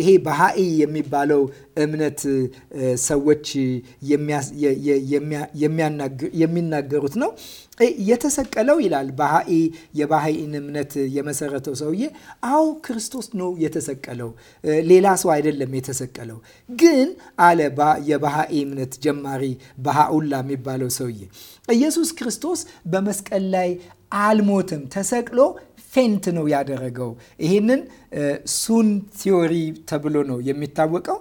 ይሄ በሀኢ የሚባለው እምነት ሰዎች የሚናገሩት ነው። የተሰቀለው ይላል በሀኢ የባሀኢን እምነት የመሰረተው ሰውዬ አዎ ክርስቶስ ነው የተሰቀለው፣ ሌላ ሰው አይደለም የተሰቀለው። ግን አለ የባሀኢ እምነት ጀማሪ ባሃኡላ የሚባለው ሰውዬ ኢየሱስ ክርስቶስ በመስቀል ላይ አልሞትም፣ ተሰቅሎ ፌንት ነው ያደረገው። ይህንን ሱን ቲዮሪ ተብሎ ነው የሚታወቀው።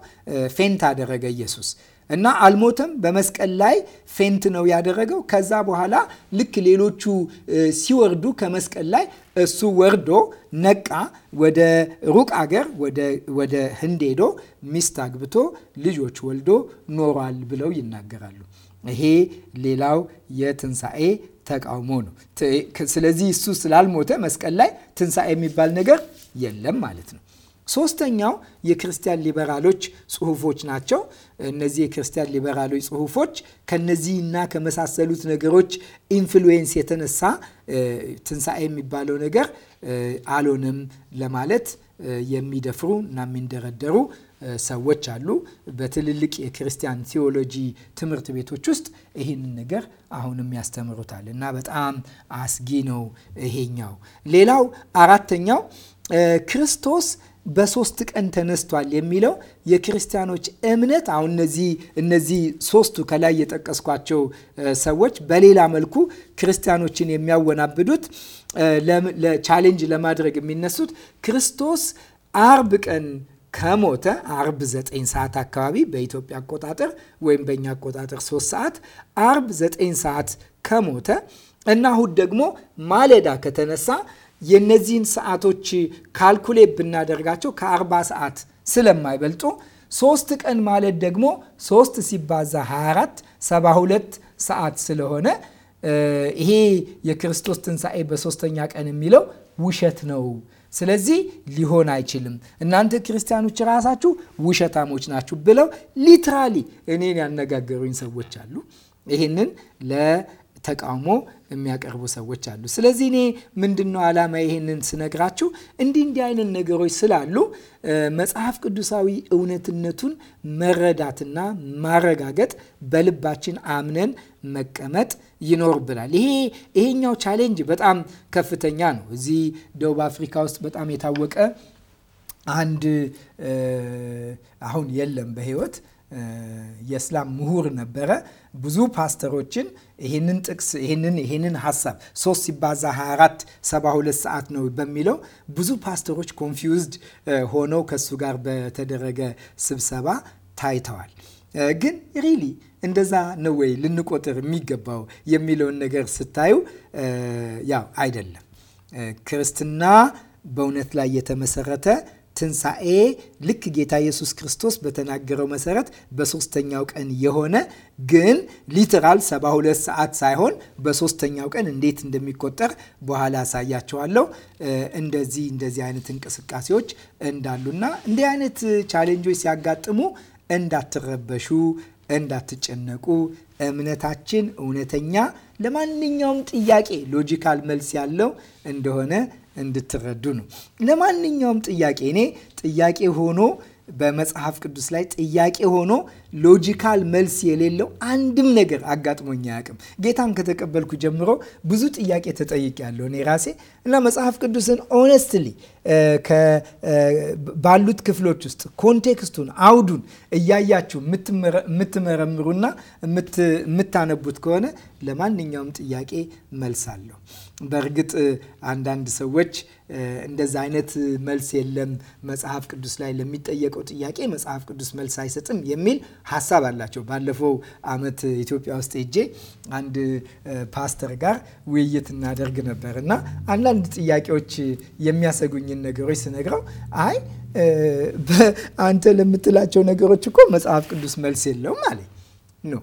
ፌንት አደረገ ኢየሱስ እና አልሞተም። በመስቀል ላይ ፌንት ነው ያደረገው። ከዛ በኋላ ልክ ሌሎቹ ሲወርዱ ከመስቀል ላይ እሱ ወርዶ ነቃ። ወደ ሩቅ አገር ወደ ህንድ ሄዶ ሚስት አግብቶ ልጆች ወልዶ ኖሯል ብለው ይናገራሉ። ይሄ ሌላው የትንሣኤ ተቃውሞ ነው። ስለዚህ እሱ ስላልሞተ መስቀል ላይ ትንሣኤ የሚባል ነገር የለም ማለት ነው። ሶስተኛው የክርስቲያን ሊበራሎች ጽሁፎች ናቸው። እነዚህ የክርስቲያን ሊበራሎች ጽሁፎች ከነዚህና ከመሳሰሉት ነገሮች ኢንፍሉዌንስ የተነሳ ትንሣኤ የሚባለው ነገር አልሆነም ለማለት የሚደፍሩ እና የሚንደረደሩ ሰዎች አሉ። በትልልቅ የክርስቲያን ቴዎሎጂ ትምህርት ቤቶች ውስጥ ይህንን ነገር አሁንም ያስተምሩታል እና በጣም አስጊ ነው ይሄኛው። ሌላው አራተኛው ክርስቶስ በሶስት ቀን ተነስቷል የሚለው የክርስቲያኖች እምነት አሁን እነዚህ እነዚህ ሶስቱ ከላይ የጠቀስኳቸው ሰዎች በሌላ መልኩ ክርስቲያኖችን የሚያወናብዱት ቻሌንጅ ለማድረግ የሚነሱት ክርስቶስ አርብ ቀን ከሞተ አርብ ዘጠኝ ሰዓት አካባቢ በኢትዮጵያ አቆጣጠር ወይም በእኛ አቆጣጠር ሶስት ሰዓት አርብ ዘጠኝ ሰዓት ከሞተ እና እሁድ ደግሞ ማለዳ ከተነሳ የነዚህን ሰዓቶች ካልኩሌ ብናደርጋቸው ከአርባ ሰዓት ስለማይበልጡ ሶስት ቀን ማለት ደግሞ ሶስት ሲባዛ 24 72 ሰዓት ስለሆነ ይሄ የክርስቶስ ትንሣኤ በሶስተኛ ቀን የሚለው ውሸት ነው። ስለዚህ ሊሆን አይችልም፣ እናንተ ክርስቲያኖች ራሳችሁ ውሸታሞች ናችሁ ብለው ሊትራሊ እኔን ያነጋገሩኝ ሰዎች አሉ። ይህንን ተቃውሞ የሚያቀርቡ ሰዎች አሉ። ስለዚህ እኔ ምንድን ነው ዓላማ ይሄንን ስነግራችሁ እንዲህ እንዲህ አይነት ነገሮች ስላሉ መጽሐፍ ቅዱሳዊ እውነትነቱን መረዳትና ማረጋገጥ በልባችን አምነን መቀመጥ ይኖርብናል። ይሄ ይሄኛው ቻሌንጅ በጣም ከፍተኛ ነው። እዚህ ደቡብ አፍሪካ ውስጥ በጣም የታወቀ አንድ አሁን የለም በህይወት? የእስላም ምሁር ነበረ። ብዙ ፓስተሮችን ይህንን ጥቅስ ይህንን ይህንን ሀሳብ 3 ሲባዛ 24 72 ሰዓት ነው በሚለው ብዙ ፓስተሮች ኮንፊውዝድ ሆነው ከሱ ጋር በተደረገ ስብሰባ ታይተዋል። ግን ሪሊ እንደዛ ነው ወይ ልንቆጥር የሚገባው የሚለውን ነገር ስታዩ ያው አይደለም ክርስትና በእውነት ላይ የተመሰረተ ትንሣኤ ልክ ጌታ ኢየሱስ ክርስቶስ በተናገረው መሰረት በሶስተኛው ቀን የሆነ ግን ሊትራል 72 ሰዓት ሳይሆን በሶስተኛው ቀን እንዴት እንደሚቆጠር በኋላ አሳያቸዋለሁ እንደዚህ እንደዚህ አይነት እንቅስቃሴዎች እንዳሉና እንዲህ አይነት ቻሌንጆች ሲያጋጥሙ እንዳትረበሹ እንዳትጨነቁ እምነታችን እውነተኛ ለማንኛውም ጥያቄ ሎጂካል መልስ ያለው እንደሆነ እንድትረዱ ነው። ለማንኛውም ጥያቄ እኔ ጥያቄ ሆኖ በመጽሐፍ ቅዱስ ላይ ጥያቄ ሆኖ ሎጂካል መልስ የሌለው አንድም ነገር አጋጥሞኝ አያውቅም። ጌታን ከተቀበልኩ ጀምሮ ብዙ ጥያቄ ያለው እኔ ራሴ እና መጽሐፍ ቅዱስን ኦነስትሊ ባሉት ክፍሎች ውስጥ ኮንቴክስቱን አውዱን እያያችሁ የምትመረምሩና የምታነቡት ከሆነ ለማንኛውም ጥያቄ መልስ አለው። በእርግጥ አንዳንድ ሰዎች እንደዚ አይነት መልስ የለም መጽሐፍ ቅዱስ ላይ ለሚጠየቀው ጥያቄ መጽሐፍ ቅዱስ መልስ አይሰጥም የሚል ሀሳብ አላቸው። ባለፈው አመት ኢትዮጵያ ውስጥ ሄጄ አንድ ፓስተር ጋር ውይይት እናደርግ ነበር እና አንዳንድ ጥያቄዎች የሚያሰጉኝን ነገሮች ስነግረው አይ አንተ ለምትላቸው ነገሮች እኮ መጽሐፍ ቅዱስ መልስ የለውም አለ። ኖ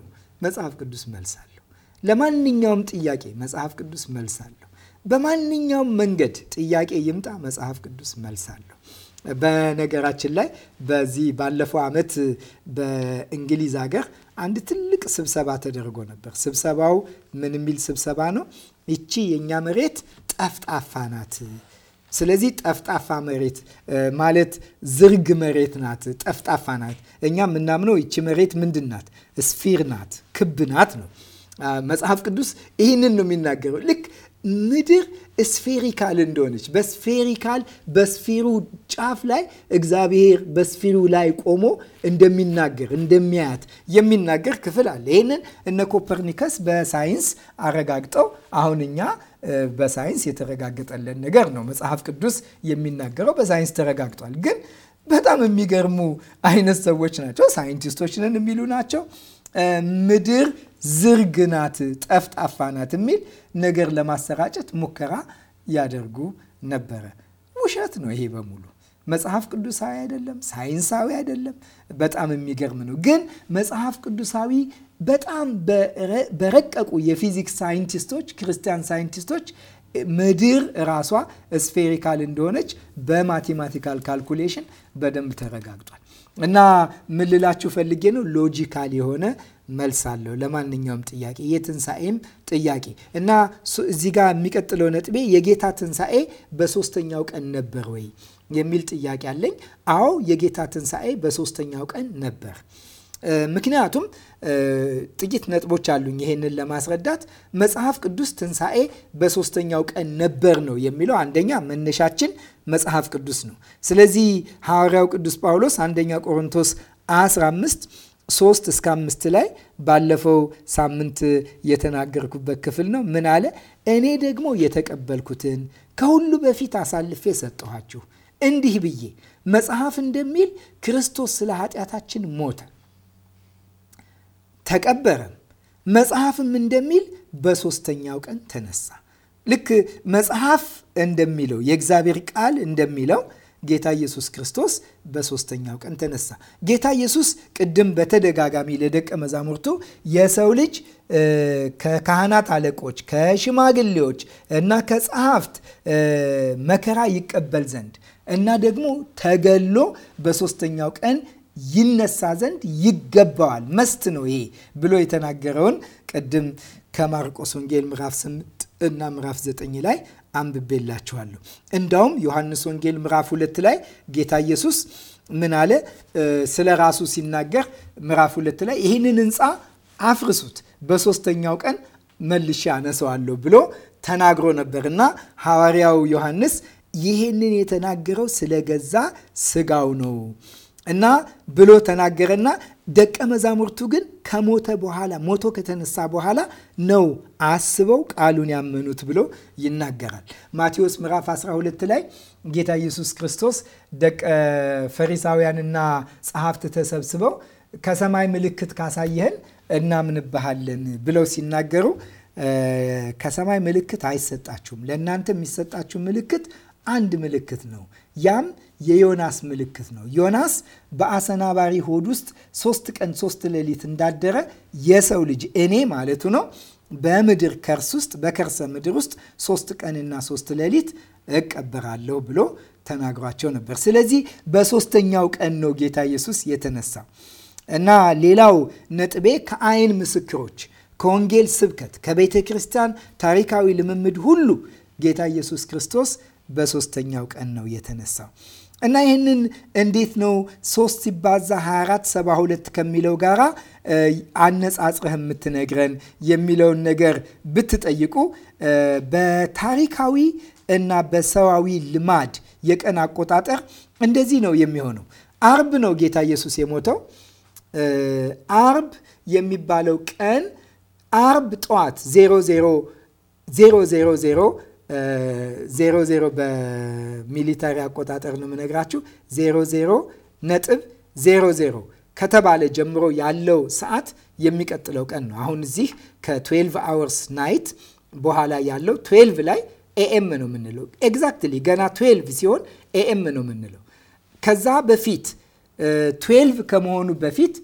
መጽሐፍ ቅዱስ መልስ አለው። ለማንኛውም ጥያቄ መጽሐፍ ቅዱስ መልስ አለው። በማንኛውም መንገድ ጥያቄ ይምጣ፣ መጽሐፍ ቅዱስ መልስ አለው። በነገራችን ላይ በዚህ ባለፈው ዓመት በእንግሊዝ ሀገር አንድ ትልቅ ስብሰባ ተደርጎ ነበር። ስብሰባው ምን የሚል ስብሰባ ነው? ይቺ የእኛ መሬት ጠፍጣፋ ናት። ስለዚህ ጠፍጣፋ መሬት ማለት ዝርግ መሬት ናት፣ ጠፍጣፋ ናት። እኛ የምናምነው ይቺ መሬት ምንድን ናት? ስፊር ናት፣ ክብ ናት ነው። መጽሐፍ ቅዱስ ይህንን ነው የሚናገረው። ልክ ምድር ስፌሪካል እንደሆነች በስፌሪካል በስፊሩ ጫፍ ላይ እግዚአብሔር በስፊሩ ላይ ቆሞ እንደሚናገር እንደሚያያት የሚናገር ክፍል አለ። ይህንን እነ ኮፐርኒከስ በሳይንስ አረጋግጠው አሁን እኛ በሳይንስ የተረጋገጠለን ነገር ነው። መጽሐፍ ቅዱስ የሚናገረው በሳይንስ ተረጋግጧል። ግን በጣም የሚገርሙ አይነት ሰዎች ናቸው። ሳይንቲስቶች ነን የሚሉ ናቸው። ምድር ዝርግ ናት፣ ጠፍጣፋ ናት የሚል ነገር ለማሰራጨት ሙከራ ያደርጉ ነበረ። ውሸት ነው ይሄ በሙሉ መጽሐፍ ቅዱሳዊ አይደለም፣ ሳይንሳዊ አይደለም። በጣም የሚገርም ነው። ግን መጽሐፍ ቅዱሳዊ በጣም በረቀቁ የፊዚክስ ሳይንቲስቶች፣ ክርስቲያን ሳይንቲስቶች ምድር ራሷ ስፌሪካል እንደሆነች በማቴማቲካል ካልኩሌሽን በደንብ ተረጋግጧል። እና ምልላችሁ ፈልጌ ነው ሎጂካል የሆነ መልስ አለው ለማንኛውም ጥያቄ የትንሣኤም ጥያቄ እና እዚህ ጋር የሚቀጥለው ነጥቤ የጌታ ትንሣኤ በሶስተኛው ቀን ነበር ወይ የሚል ጥያቄ አለኝ። አዎ የጌታ ትንሣኤ በሶስተኛው ቀን ነበር። ምክንያቱም ጥቂት ነጥቦች አሉኝ ይሄንን ለማስረዳት። መጽሐፍ ቅዱስ ትንሣኤ በሶስተኛው ቀን ነበር ነው የሚለው አንደኛ መነሻችን መጽሐፍ ቅዱስ ነው። ስለዚህ ሐዋርያው ቅዱስ ጳውሎስ አንደኛ ቆሮንቶስ 15 ሶስት እስከ አምስት ላይ ባለፈው ሳምንት የተናገርኩበት ክፍል ነው። ምን አለ? እኔ ደግሞ የተቀበልኩትን ከሁሉ በፊት አሳልፌ ሰጠኋችሁ እንዲህ ብዬ መጽሐፍ እንደሚል ክርስቶስ ስለ ኃጢአታችን ሞተ፣ ተቀበረም፣ መጽሐፍም እንደሚል በሶስተኛው ቀን ተነሳ። ልክ መጽሐፍ እንደሚለው የእግዚአብሔር ቃል እንደሚለው ጌታ ኢየሱስ ክርስቶስ በሶስተኛው ቀን ተነሳ። ጌታ ኢየሱስ ቅድም በተደጋጋሚ ለደቀ መዛሙርቱ የሰው ልጅ ከካህናት አለቆች፣ ከሽማግሌዎች እና ከጸሐፍት መከራ ይቀበል ዘንድ እና ደግሞ ተገሎ በሶስተኛው ቀን ይነሳ ዘንድ ይገባዋል፣ መስት ነው ይሄ ብሎ የተናገረውን ቅድም ከማርቆስ ወንጌል ምዕራፍ ስምንት እና ምዕራፍ ዘጠኝ ላይ አንብቤላችኋለሁ። እንዳውም ዮሐንስ ወንጌል ምዕራፍ ሁለት ላይ ጌታ ኢየሱስ ምን አለ? ስለ ራሱ ሲናገር ምዕራፍ ሁለት ላይ ይህንን ህንፃ አፍርሱት በሶስተኛው ቀን መልሼ አነሰዋለሁ ብሎ ተናግሮ ነበር እና ሐዋርያው ዮሐንስ ይህንን የተናገረው ስለገዛ ስጋው ነው እና ብሎ ተናገረና ደቀ መዛሙርቱ ግን ከሞተ በኋላ ሞቶ ከተነሳ በኋላ ነው አስበው ቃሉን ያመኑት ብሎ ይናገራል። ማቴዎስ ምዕራፍ 12 ላይ ጌታ ኢየሱስ ክርስቶስ ደቀ ፈሪሳውያንና ጸሐፍት ተሰብስበው ከሰማይ ምልክት ካሳየህን እናምንብሃለን ብለው ሲናገሩ ከሰማይ ምልክት አይሰጣችሁም፣ ለእናንተ የሚሰጣችሁ ምልክት አንድ ምልክት ነው ያም የዮናስ ምልክት ነው። ዮናስ በአሰናባሪ ሆድ ውስጥ ሶስት ቀን ሶስት ሌሊት እንዳደረ የሰው ልጅ እኔ ማለቱ ነው በምድር ከርስ ውስጥ በከርሰ ምድር ውስጥ ሶስት ቀንና ሶስት ሌሊት እቀበራለሁ ብሎ ተናግሯቸው ነበር። ስለዚህ በሶስተኛው ቀን ነው ጌታ ኢየሱስ የተነሳ እና ሌላው ነጥቤ ከአይን ምስክሮች ከወንጌል ስብከት ከቤተ ክርስቲያን ታሪካዊ ልምምድ ሁሉ ጌታ ኢየሱስ ክርስቶስ በሶስተኛው ቀን ነው የተነሳው። እና ይህንን እንዴት ነው ሶስት ሲባዛ 24 72 ከሚለው ጋራ አነጻጽረህ የምትነግረን የሚለውን ነገር ብትጠይቁ በታሪካዊ እና በሰዋዊ ልማድ የቀን አቆጣጠር እንደዚህ ነው የሚሆነው። አርብ ነው ጌታ ኢየሱስ የሞተው። አርብ የሚባለው ቀን አርብ ጠዋት ዜሮ ዜሮ በሚሊታሪ አቆጣጠር ነው የምነግራችሁ። ዜሮ ዜሮ ነጥብ ዜሮ ዜሮ ከተባለ ጀምሮ ያለው ሰዓት የሚቀጥለው ቀን ነው። አሁን እዚህ ከ12 አወርስ ናይት በኋላ ያለው 12 ላይ ኤኤም ነው የምንለው። ኤግዛክትሊ ገና 12 ሲሆን ኤኤም ነው የምንለው። ከዛ በፊት 12 ከመሆኑ በፊት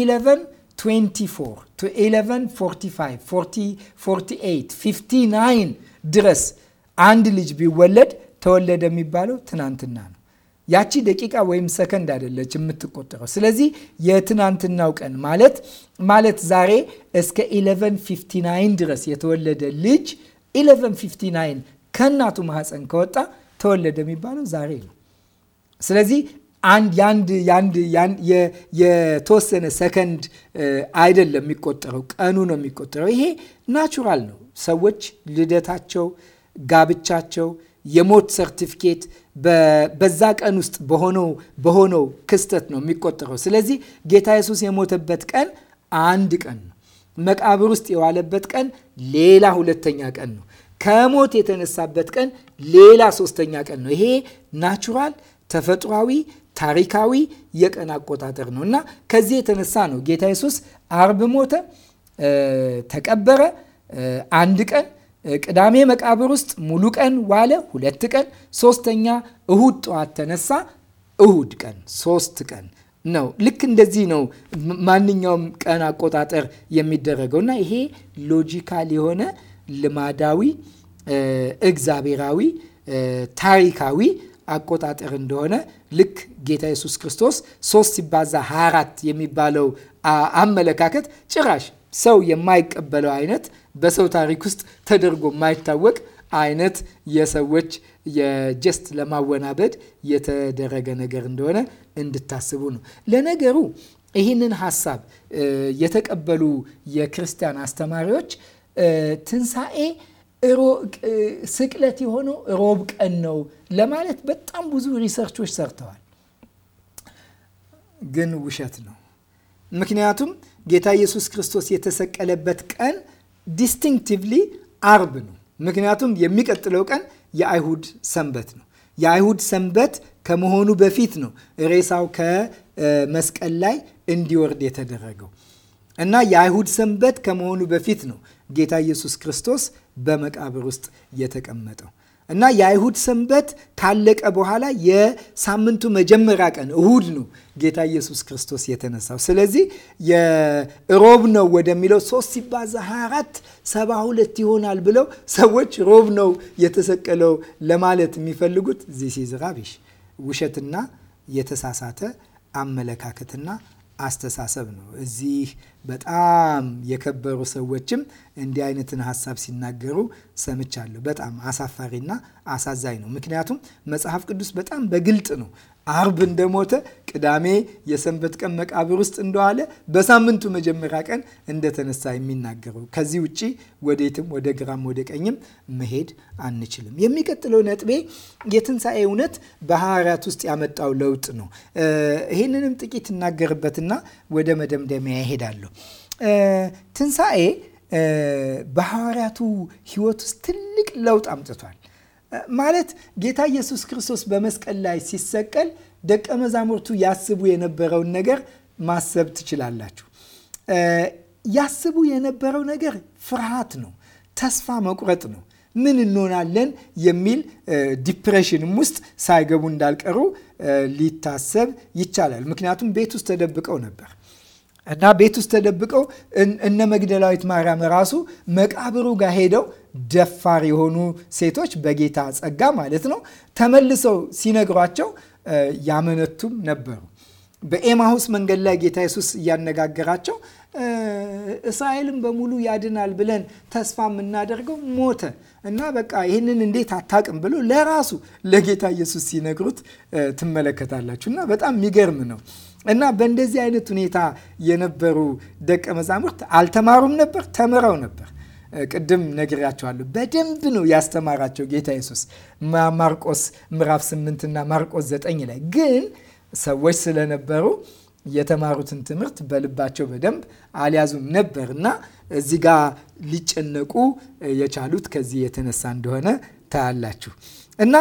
11 24 11 45 48 59 ድረስ አንድ ልጅ ቢወለድ ተወለደ የሚባለው ትናንትና ነው። ያቺ ደቂቃ ወይም ሰከንድ አይደለች የምትቆጠረው። ስለዚህ የትናንትናው ቀን ማለት ማለት ዛሬ እስከ 1159 ድረስ የተወለደ ልጅ 1159 ከእናቱ ማህፀን ከወጣ ተወለደ የሚባለው ዛሬ ነው። ስለዚህ አንድ የተወሰነ ሰከንድ አይደለም የሚቆጠረው፣ ቀኑ ነው የሚቆጠረው። ይሄ ናቹራል ነው። ሰዎች ልደታቸው፣ ጋብቻቸው፣ የሞት ሰርቲፊኬት በዛ ቀን ውስጥ በሆነው በሆነው ክስተት ነው የሚቆጠረው። ስለዚህ ጌታ ኢየሱስ የሞተበት ቀን አንድ ቀን ነው። መቃብር ውስጥ የዋለበት ቀን ሌላ ሁለተኛ ቀን ነው። ከሞት የተነሳበት ቀን ሌላ ሶስተኛ ቀን ነው። ይሄ ናቹራል ተፈጥሯዊ ታሪካዊ የቀን አቆጣጠር ነው እና ከዚህ የተነሳ ነው ጌታ ኢየሱስ አርብ ሞተ፣ ተቀበረ አንድ ቀን ቅዳሜ መቃብር ውስጥ ሙሉ ቀን ዋለ። ሁለት ቀን፣ ሶስተኛ እሁድ ጠዋት ተነሳ። እሁድ ቀን ሶስት ቀን ነው። ልክ እንደዚህ ነው ማንኛውም ቀን አቆጣጠር የሚደረገው እና ይሄ ሎጂካል የሆነ ልማዳዊ፣ እግዚአብሔራዊ፣ ታሪካዊ አቆጣጠር እንደሆነ ልክ ጌታ ኢየሱስ ክርስቶስ ሶስት ሲባዛ 24 የሚባለው አመለካከት ጭራሽ ሰው የማይቀበለው አይነት በሰው ታሪክ ውስጥ ተደርጎ የማይታወቅ አይነት የሰዎች የጀስት ለማወናበድ የተደረገ ነገር እንደሆነ እንድታስቡ ነው። ለነገሩ ይህንን ሀሳብ የተቀበሉ የክርስቲያን አስተማሪዎች ትንሣኤ ስቅለት የሆነው ሮብ ቀን ነው ለማለት በጣም ብዙ ሪሰርቾች ሰርተዋል። ግን ውሸት ነው። ምክንያቱም ጌታ ኢየሱስ ክርስቶስ የተሰቀለበት ቀን ዲስቲንክቲቭሊ አርብ ነው። ምክንያቱም የሚቀጥለው ቀን የአይሁድ ሰንበት ነው። የአይሁድ ሰንበት ከመሆኑ በፊት ነው ሬሳው ከመስቀል ላይ እንዲወርድ የተደረገው እና የአይሁድ ሰንበት ከመሆኑ በፊት ነው ጌታ ኢየሱስ ክርስቶስ በመቃብር ውስጥ የተቀመጠው። እና የአይሁድ ሰንበት ካለቀ በኋላ የሳምንቱ መጀመሪያ ቀን እሁድ ነው ጌታ ኢየሱስ ክርስቶስ የተነሳው። ስለዚህ የሮብ ነው ወደሚለው ሶስት ሲባዛ 24 72 ይሆናል ብለው ሰዎች ሮብ ነው የተሰቀለው ለማለት የሚፈልጉት ዚስ ኢዝ ራቢሽ ውሸትና የተሳሳተ አመለካከትና አስተሳሰብ ነው። እዚህ በጣም የከበሩ ሰዎችም እንዲህ አይነትን ሀሳብ ሲናገሩ ሰምቻለሁ። በጣም አሳፋሪና አሳዛኝ ነው። ምክንያቱም መጽሐፍ ቅዱስ በጣም በግልጥ ነው አርብ እንደሞተ ቅዳሜ የሰንበት ቀን መቃብር ውስጥ እንደዋለ በሳምንቱ መጀመሪያ ቀን እንደተነሳ የሚናገረው። ከዚህ ውጭ ወዴትም ወደ ግራም ወደ ቀኝም መሄድ አንችልም። የሚቀጥለው ነጥቤ የትንሣኤ እውነት በሐዋርያት ውስጥ ያመጣው ለውጥ ነው። ይህንንም ጥቂት እናገርበትና ወደ መደምደሚያ ይሄዳለሁ። ትንሣኤ በሐዋርያቱ ሕይወት ውስጥ ትልቅ ለውጥ አምጥቷል። ማለት ጌታ ኢየሱስ ክርስቶስ በመስቀል ላይ ሲሰቀል ደቀ መዛሙርቱ ያስቡ የነበረውን ነገር ማሰብ ትችላላችሁ። ያስቡ የነበረው ነገር ፍርሃት ነው፣ ተስፋ መቁረጥ ነው፣ ምን እንሆናለን የሚል ዲፕሬሽንም ውስጥ ሳይገቡ እንዳልቀሩ ሊታሰብ ይቻላል። ምክንያቱም ቤት ውስጥ ተደብቀው ነበር እና ቤት ውስጥ ተደብቀው እነ መግደላዊት ማርያም ራሱ መቃብሩ ጋር ሄደው ደፋር የሆኑ ሴቶች በጌታ ጸጋ ማለት ነው ተመልሰው ሲነግሯቸው ያመነቱም ነበሩ። በኤማሁስ መንገድ ላይ ጌታ የሱስ እያነጋገራቸው እስራኤልን በሙሉ ያድናል ብለን ተስፋ የምናደርገው ሞተ እና በቃ ይህንን እንዴት አታቅም ብሎ ለራሱ ለጌታ ኢየሱስ ሲነግሩት ትመለከታላችሁ። እና በጣም የሚገርም ነው። እና በእንደዚህ አይነት ሁኔታ የነበሩ ደቀ መዛሙርት አልተማሩም ነበር፣ ተምረው ነበር ቅድም ነግሬያቸዋለሁ። በደንብ ነው ያስተማራቸው ጌታ ኢየሱስ ማርቆስ ምዕራፍ 8 እና ማርቆስ 9 ላይ ግን ሰዎች ስለነበሩ የተማሩትን ትምህርት በልባቸው በደንብ አልያዙም ነበር እና እዚህ ጋር ሊጨነቁ የቻሉት ከዚህ የተነሳ እንደሆነ ታያላችሁ እና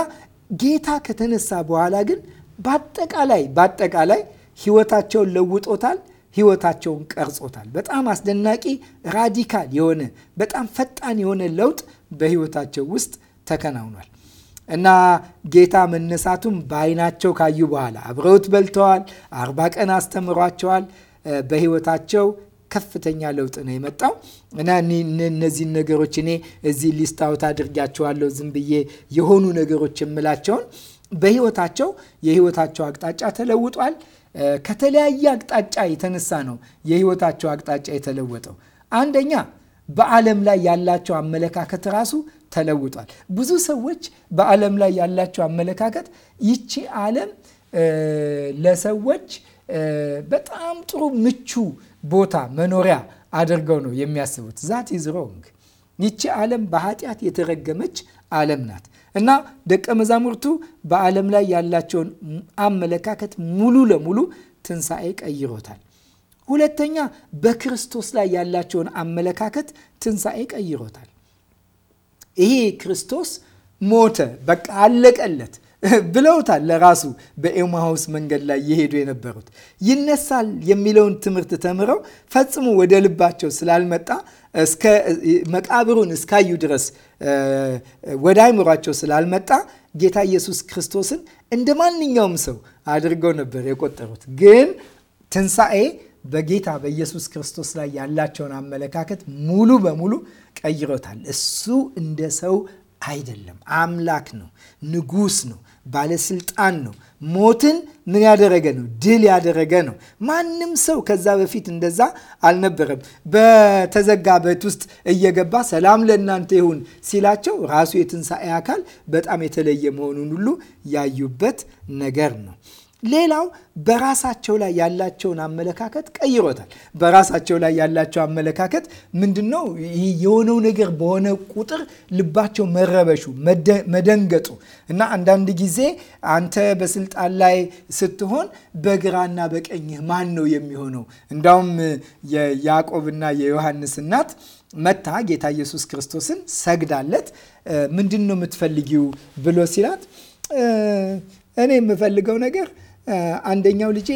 ጌታ ከተነሳ በኋላ ግን በአጠቃላይ በአጠቃላይ ህይወታቸውን ለውጦታል። ህይወታቸውን ቀርጾታል። በጣም አስደናቂ ራዲካል የሆነ በጣም ፈጣን የሆነ ለውጥ በህይወታቸው ውስጥ ተከናውኗል እና ጌታ መነሳቱም በአይናቸው ካዩ በኋላ አብረውት በልተዋል። አርባ ቀን አስተምሯቸዋል። በህይወታቸው ከፍተኛ ለውጥ ነው የመጣው እና እነዚህን ነገሮች እኔ እዚህ ሊስት አውት አድርጋቸዋለሁ። ዝም ብዬ የሆኑ ነገሮች የምላቸውን በህይወታቸው የህይወታቸው አቅጣጫ ተለውጧል። ከተለያየ አቅጣጫ የተነሳ ነው የህይወታቸው አቅጣጫ የተለወጠው። አንደኛ በዓለም ላይ ያላቸው አመለካከት ራሱ ተለውጧል። ብዙ ሰዎች በዓለም ላይ ያላቸው አመለካከት ይቺ ዓለም ለሰዎች በጣም ጥሩ ምቹ ቦታ መኖሪያ አድርገው ነው የሚያስቡት። ዛት ኢዝ ሮንግ። ይቺ ዓለም በኃጢአት የተረገመች ዓለም ናት። እና ደቀ መዛሙርቱ በዓለም ላይ ያላቸውን አመለካከት ሙሉ ለሙሉ ትንሣኤ ቀይሮታል። ሁለተኛ በክርስቶስ ላይ ያላቸውን አመለካከት ትንሣኤ ቀይሮታል። ይሄ ክርስቶስ ሞተ፣ በቃ አለቀለት ብለውታል ለራሱ በኤማውስ መንገድ ላይ የሄዱ የነበሩት ይነሳል የሚለውን ትምህርት ተምረው ፈጽሞ ወደ ልባቸው ስላልመጣ መቃብሩን እስካዩ ድረስ ወደ አይምሯቸው ስላልመጣ ጌታ ኢየሱስ ክርስቶስን እንደ ማንኛውም ሰው አድርገው ነበር የቆጠሩት። ግን ትንሣኤ በጌታ በኢየሱስ ክርስቶስ ላይ ያላቸውን አመለካከት ሙሉ በሙሉ ቀይሮታል። እሱ እንደ ሰው አይደለም። አምላክ ነው። ንጉስ ነው። ባለስልጣን ነው። ሞትን ምን ያደረገ ነው? ድል ያደረገ ነው። ማንም ሰው ከዛ በፊት እንደዛ አልነበረም። በተዘጋ ቤት ውስጥ እየገባ ሰላም ለእናንተ ይሁን ሲላቸው ራሱ የትንሣኤ አካል በጣም የተለየ መሆኑን ሁሉ ያዩበት ነገር ነው። ሌላው በራሳቸው ላይ ያላቸውን አመለካከት ቀይሮታል። በራሳቸው ላይ ያላቸው አመለካከት ምንድን ነው? የሆነው ነገር በሆነ ቁጥር ልባቸው መረበሹ፣ መደንገጡ እና አንዳንድ ጊዜ አንተ በስልጣን ላይ ስትሆን በግራና በቀኝህ ማን ነው የሚሆነው? እንዳውም የያዕቆብና የዮሐንስ እናት መታ ጌታ ኢየሱስ ክርስቶስን ሰግዳለት ምንድን ነው የምትፈልጊው ብሎ ሲላት እኔ የምፈልገው ነገር አንደኛው ልጄ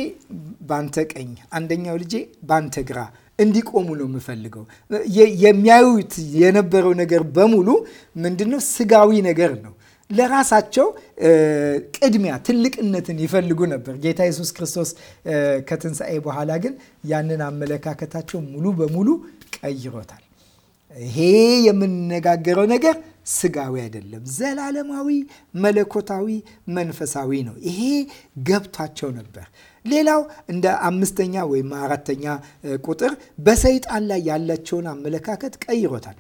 ባንተ ቀኝ፣ አንደኛው ልጄ ባንተ ግራ እንዲቆሙ ነው የምፈልገው። የሚያዩት የነበረው ነገር በሙሉ ምንድነው? ስጋዊ ነገር ነው። ለራሳቸው ቅድሚያ ትልቅነትን ይፈልጉ ነበር። ጌታ ኢየሱስ ክርስቶስ ከትንሣኤ በኋላ ግን ያንን አመለካከታቸው ሙሉ በሙሉ ቀይሮታል። ይሄ የምንነጋገረው ነገር ስጋዊ አይደለም፣ ዘላለማዊ መለኮታዊ መንፈሳዊ ነው። ይሄ ገብቷቸው ነበር። ሌላው እንደ አምስተኛ ወይም አራተኛ ቁጥር በሰይጣን ላይ ያላቸውን አመለካከት ቀይሮታል።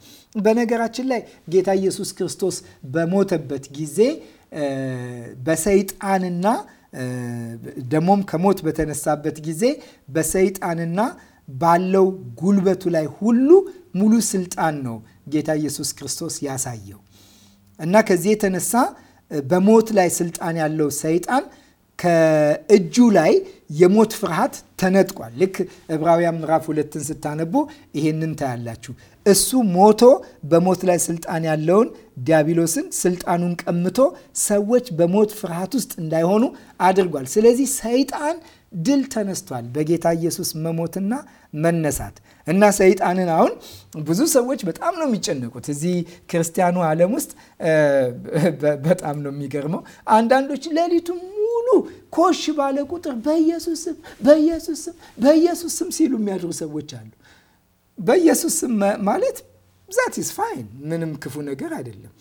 በነገራችን ላይ ጌታ ኢየሱስ ክርስቶስ በሞተበት ጊዜ በሰይጣንና ደግሞም ከሞት በተነሳበት ጊዜ በሰይጣንና ባለው ጉልበቱ ላይ ሁሉ ሙሉ ስልጣን ነው ጌታ ኢየሱስ ክርስቶስ ያሳየው እና ከዚህ የተነሳ በሞት ላይ ስልጣን ያለው ሰይጣን ከእጁ ላይ የሞት ፍርሃት ተነጥቋል። ልክ ዕብራውያን ምዕራፍ ሁለትን ስታነቡ ይሄንን ታያላችሁ። እሱ ሞቶ በሞት ላይ ስልጣን ያለውን ዲያብሎስን ስልጣኑን ቀምቶ ሰዎች በሞት ፍርሃት ውስጥ እንዳይሆኑ አድርጓል። ስለዚህ ሰይጣን ድል ተነስቷል በጌታ ኢየሱስ መሞትና መነሳት። እና ሰይጣንን አሁን ብዙ ሰዎች በጣም ነው የሚጨነቁት። እዚህ ክርስቲያኑ ዓለም ውስጥ በጣም ነው የሚገርመው። አንዳንዶች ሌሊቱ ሙሉ ኮሽ ባለ ቁጥር በኢየሱስ ስም በኢየሱስ ስም በኢየሱስ ስም ሲሉ የሚያድሩ ሰዎች አሉ። በኢየሱስ ስም ማለት ዛት ኢዝ ፋይን፣ ምንም ክፉ ነገር አይደለም።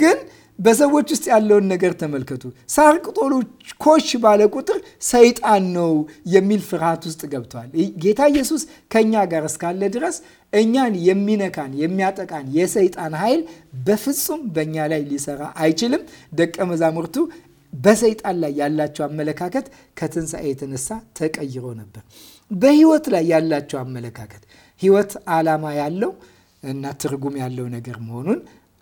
ግን በሰዎች ውስጥ ያለውን ነገር ተመልከቱ። ሳር ቅጠሉ ኮሽ ባለ ቁጥር ሰይጣን ነው የሚል ፍርሃት ውስጥ ገብተዋል። ጌታ ኢየሱስ ከእኛ ጋር እስካለ ድረስ እኛን የሚነካን የሚያጠቃን የሰይጣን ኃይል በፍጹም በእኛ ላይ ሊሰራ አይችልም። ደቀ መዛሙርቱ በሰይጣን ላይ ያላቸው አመለካከት ከትንሣኤ የተነሳ ተቀይሮ ነበር። በህይወት ላይ ያላቸው አመለካከት ህይወት ዓላማ ያለው እና ትርጉም ያለው ነገር መሆኑን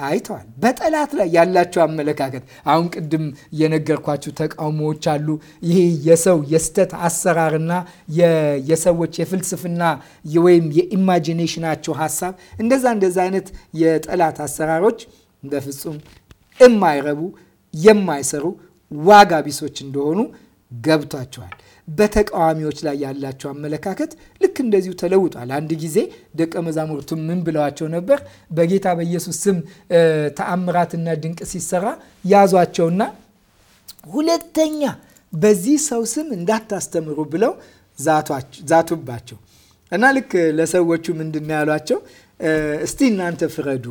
አይተዋል። በጠላት ላይ ያላቸው አመለካከት አሁን ቅድም የነገርኳችሁ ተቃውሞዎች አሉ። ይህ የሰው የስተት አሰራርና የሰዎች የፍልስፍና ወይም የኢማጂኔሽናቸው ሀሳብ እንደዛ እንደዛ አይነት የጠላት አሰራሮች በፍጹም የማይረቡ የማይሰሩ ዋጋ ቢሶች እንደሆኑ ገብቷቸዋል። በተቃዋሚዎች ላይ ያላቸው አመለካከት ልክ እንደዚሁ ተለውጧል። አንድ ጊዜ ደቀ መዛሙርቱ ምን ብለዋቸው ነበር? በጌታ በኢየሱስ ስም ተአምራትና ድንቅ ሲሰራ ያዟቸውና ሁለተኛ በዚህ ሰው ስም እንዳታስተምሩ ብለው ዛቱባቸው እና ልክ ለሰዎቹ ምንድን ያሏቸው? እስቲ እናንተ ፍረዱ።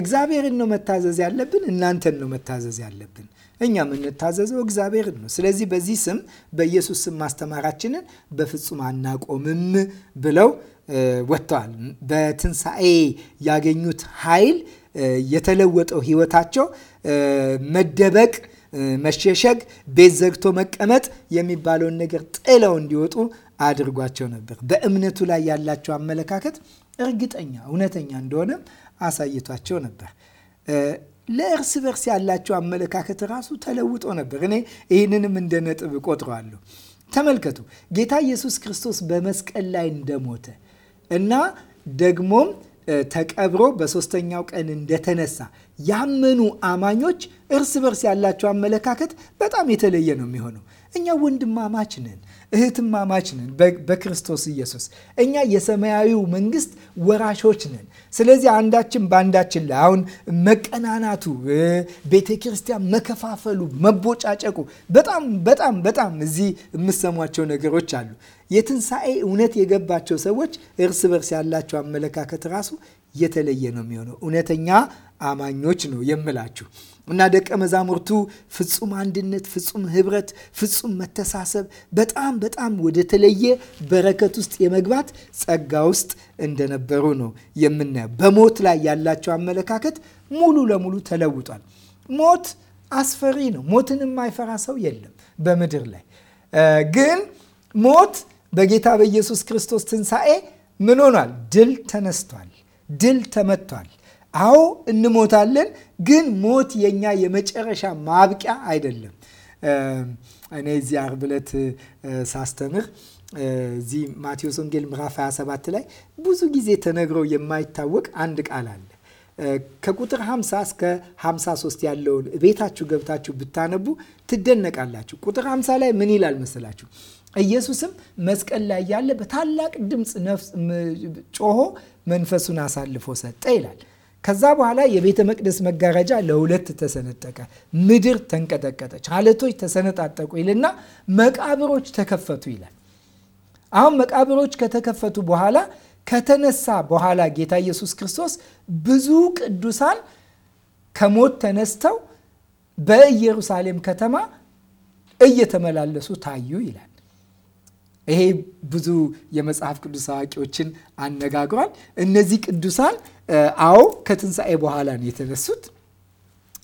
እግዚአብሔርን ነው መታዘዝ ያለብን? እናንተን ነው መታዘዝ ያለብን? እኛ የምንታዘዘው እግዚአብሔር ነው። ስለዚህ በዚህ ስም በኢየሱስ ስም ማስተማራችንን በፍጹም አናቆምም ብለው ወጥተዋል። በትንሣኤ ያገኙት ኃይል የተለወጠው ህይወታቸው መደበቅ መሸሸግ፣ ቤት ዘግቶ መቀመጥ የሚባለውን ነገር ጥለው እንዲወጡ አድርጓቸው ነበር። በእምነቱ ላይ ያላቸው አመለካከት እርግጠኛ እውነተኛ እንደሆነ አሳይቷቸው ነበር። ለእርስ በርስ ያላቸው አመለካከት ራሱ ተለውጦ ነበር። እኔ ይህንንም እንደ ነጥብ ቆጥረዋለሁ። ተመልከቱ ጌታ ኢየሱስ ክርስቶስ በመስቀል ላይ እንደሞተ እና ደግሞም ተቀብሮ በሶስተኛው ቀን እንደተነሳ ያመኑ አማኞች እርስ በርስ ያላቸው አመለካከት በጣም የተለየ ነው የሚሆነው። እኛ ወንድማማች ነን፣ እህትማማች ነን በክርስቶስ ኢየሱስ። እኛ የሰማያዊው መንግስት ወራሾች ነን። ስለዚህ አንዳችን በአንዳችን ላይ አሁን መቀናናቱ፣ ቤተ ክርስቲያን መከፋፈሉ፣ መቦጫጨቁ በጣም በጣም በጣም እዚህ የምሰሟቸው ነገሮች አሉ። የትንሣኤ እውነት የገባቸው ሰዎች እርስ በርስ ያላቸው አመለካከት ራሱ የተለየ ነው የሚሆነው። እውነተኛ አማኞች ነው የምላችሁ። እና ደቀ መዛሙርቱ ፍጹም አንድነት፣ ፍጹም ህብረት፣ ፍጹም መተሳሰብ በጣም በጣም ወደ ተለየ በረከት ውስጥ የመግባት ጸጋ ውስጥ እንደነበሩ ነው የምናየው። በሞት ላይ ያላቸው አመለካከት ሙሉ ለሙሉ ተለውጧል። ሞት አስፈሪ ነው። ሞትን የማይፈራ ሰው የለም በምድር ላይ ግን ሞት በጌታ በኢየሱስ ክርስቶስ ትንሣኤ ምን ሆኗል? ድል ተነስቷል። ድል ተመቷል። አዎ እንሞታለን፣ ግን ሞት የኛ የመጨረሻ ማብቂያ አይደለም። እኔ እዚህ ዓርብ ዕለት ሳስተምር እዚህ ማቴዎስ ወንጌል ምዕራፍ 27 ላይ ብዙ ጊዜ ተነግሮ የማይታወቅ አንድ ቃል አለ። ከቁጥር 50 እስከ 53 ያለውን ቤታችሁ ገብታችሁ ብታነቡ ትደነቃላችሁ። ቁጥር 50 ላይ ምን ይላል መሰላችሁ? ኢየሱስም መስቀል ላይ ያለ በታላቅ ድምፅ ጮሆ መንፈሱን አሳልፎ ሰጠ ይላል። ከዛ በኋላ የቤተ መቅደስ መጋረጃ ለሁለት ተሰነጠቀ፣ ምድር ተንቀጠቀጠች፣ አለቶች ተሰነጣጠቁ ይልና መቃብሮች ተከፈቱ ይላል። አሁን መቃብሮች ከተከፈቱ በኋላ ከተነሳ በኋላ ጌታ ኢየሱስ ክርስቶስ ብዙ ቅዱሳን ከሞት ተነስተው በኢየሩሳሌም ከተማ እየተመላለሱ ታዩ ይላል። ይሄ ብዙ የመጽሐፍ ቅዱስ አዋቂዎችን አነጋግሯል። እነዚህ ቅዱሳን አዎ ከትንሣኤ በኋላ ነው የተነሱት።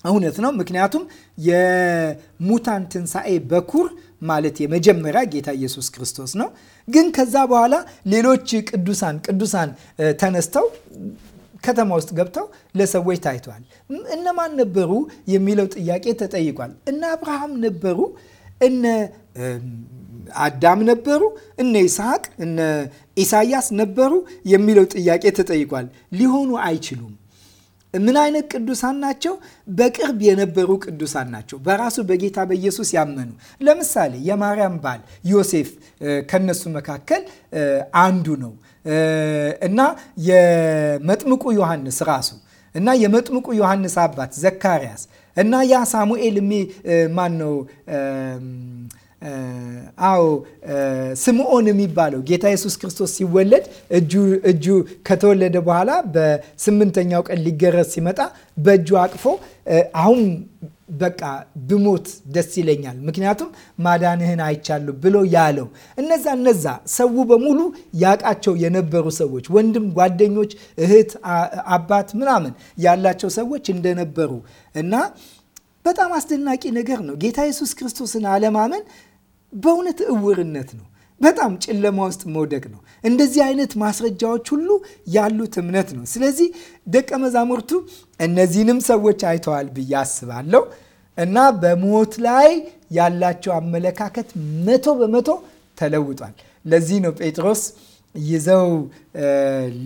እውነት ነው። ምክንያቱም የሙታን ትንሣኤ በኩር ማለት የመጀመሪያ ጌታ ኢየሱስ ክርስቶስ ነው። ግን ከዛ በኋላ ሌሎች ቅዱሳን ቅዱሳን ተነስተው ከተማ ውስጥ ገብተው ለሰዎች ታይተዋል። እነማን ነበሩ የሚለው ጥያቄ ተጠይቋል። እነ አብርሃም ነበሩ እነ አዳም ነበሩ፣ እነ ይስሐቅ፣ እነ ኢሳያስ ነበሩ የሚለው ጥያቄ ተጠይቋል። ሊሆኑ አይችሉም። ምን አይነት ቅዱሳን ናቸው? በቅርብ የነበሩ ቅዱሳን ናቸው። በራሱ በጌታ በኢየሱስ ያመኑ። ለምሳሌ የማርያም ባል ዮሴፍ ከነሱ መካከል አንዱ ነው እና የመጥምቁ ዮሐንስ ራሱ እና የመጥምቁ ዮሐንስ አባት ዘካርያስ እና ያ ሳሙኤል ማን ነው? አዎ ስምዖን የሚባለው ጌታ ኢየሱስ ክርስቶስ ሲወለድ እጁ ከተወለደ በኋላ በስምንተኛው ቀን ሊገረዝ ሲመጣ በእጁ አቅፎ አሁን በቃ ብሞት ደስ ይለኛል፣ ምክንያቱም ማዳንህን አይቻለሁ ብሎ ያለው እነዛ እነዛ ሰው በሙሉ ያውቃቸው የነበሩ ሰዎች ወንድም፣ ጓደኞች፣ እህት፣ አባት ምናምን ያላቸው ሰዎች እንደነበሩ እና በጣም አስደናቂ ነገር ነው። ጌታ ኢየሱስ ክርስቶስን አለማመን በእውነት እውርነት ነው። በጣም ጨለማ ውስጥ መውደቅ ነው። እንደዚህ አይነት ማስረጃዎች ሁሉ ያሉት እምነት ነው። ስለዚህ ደቀ መዛሙርቱ እነዚህንም ሰዎች አይተዋል ብዬ አስባለሁ እና በሞት ላይ ያላቸው አመለካከት መቶ በመቶ ተለውጧል። ለዚህ ነው ጴጥሮስ ይዘው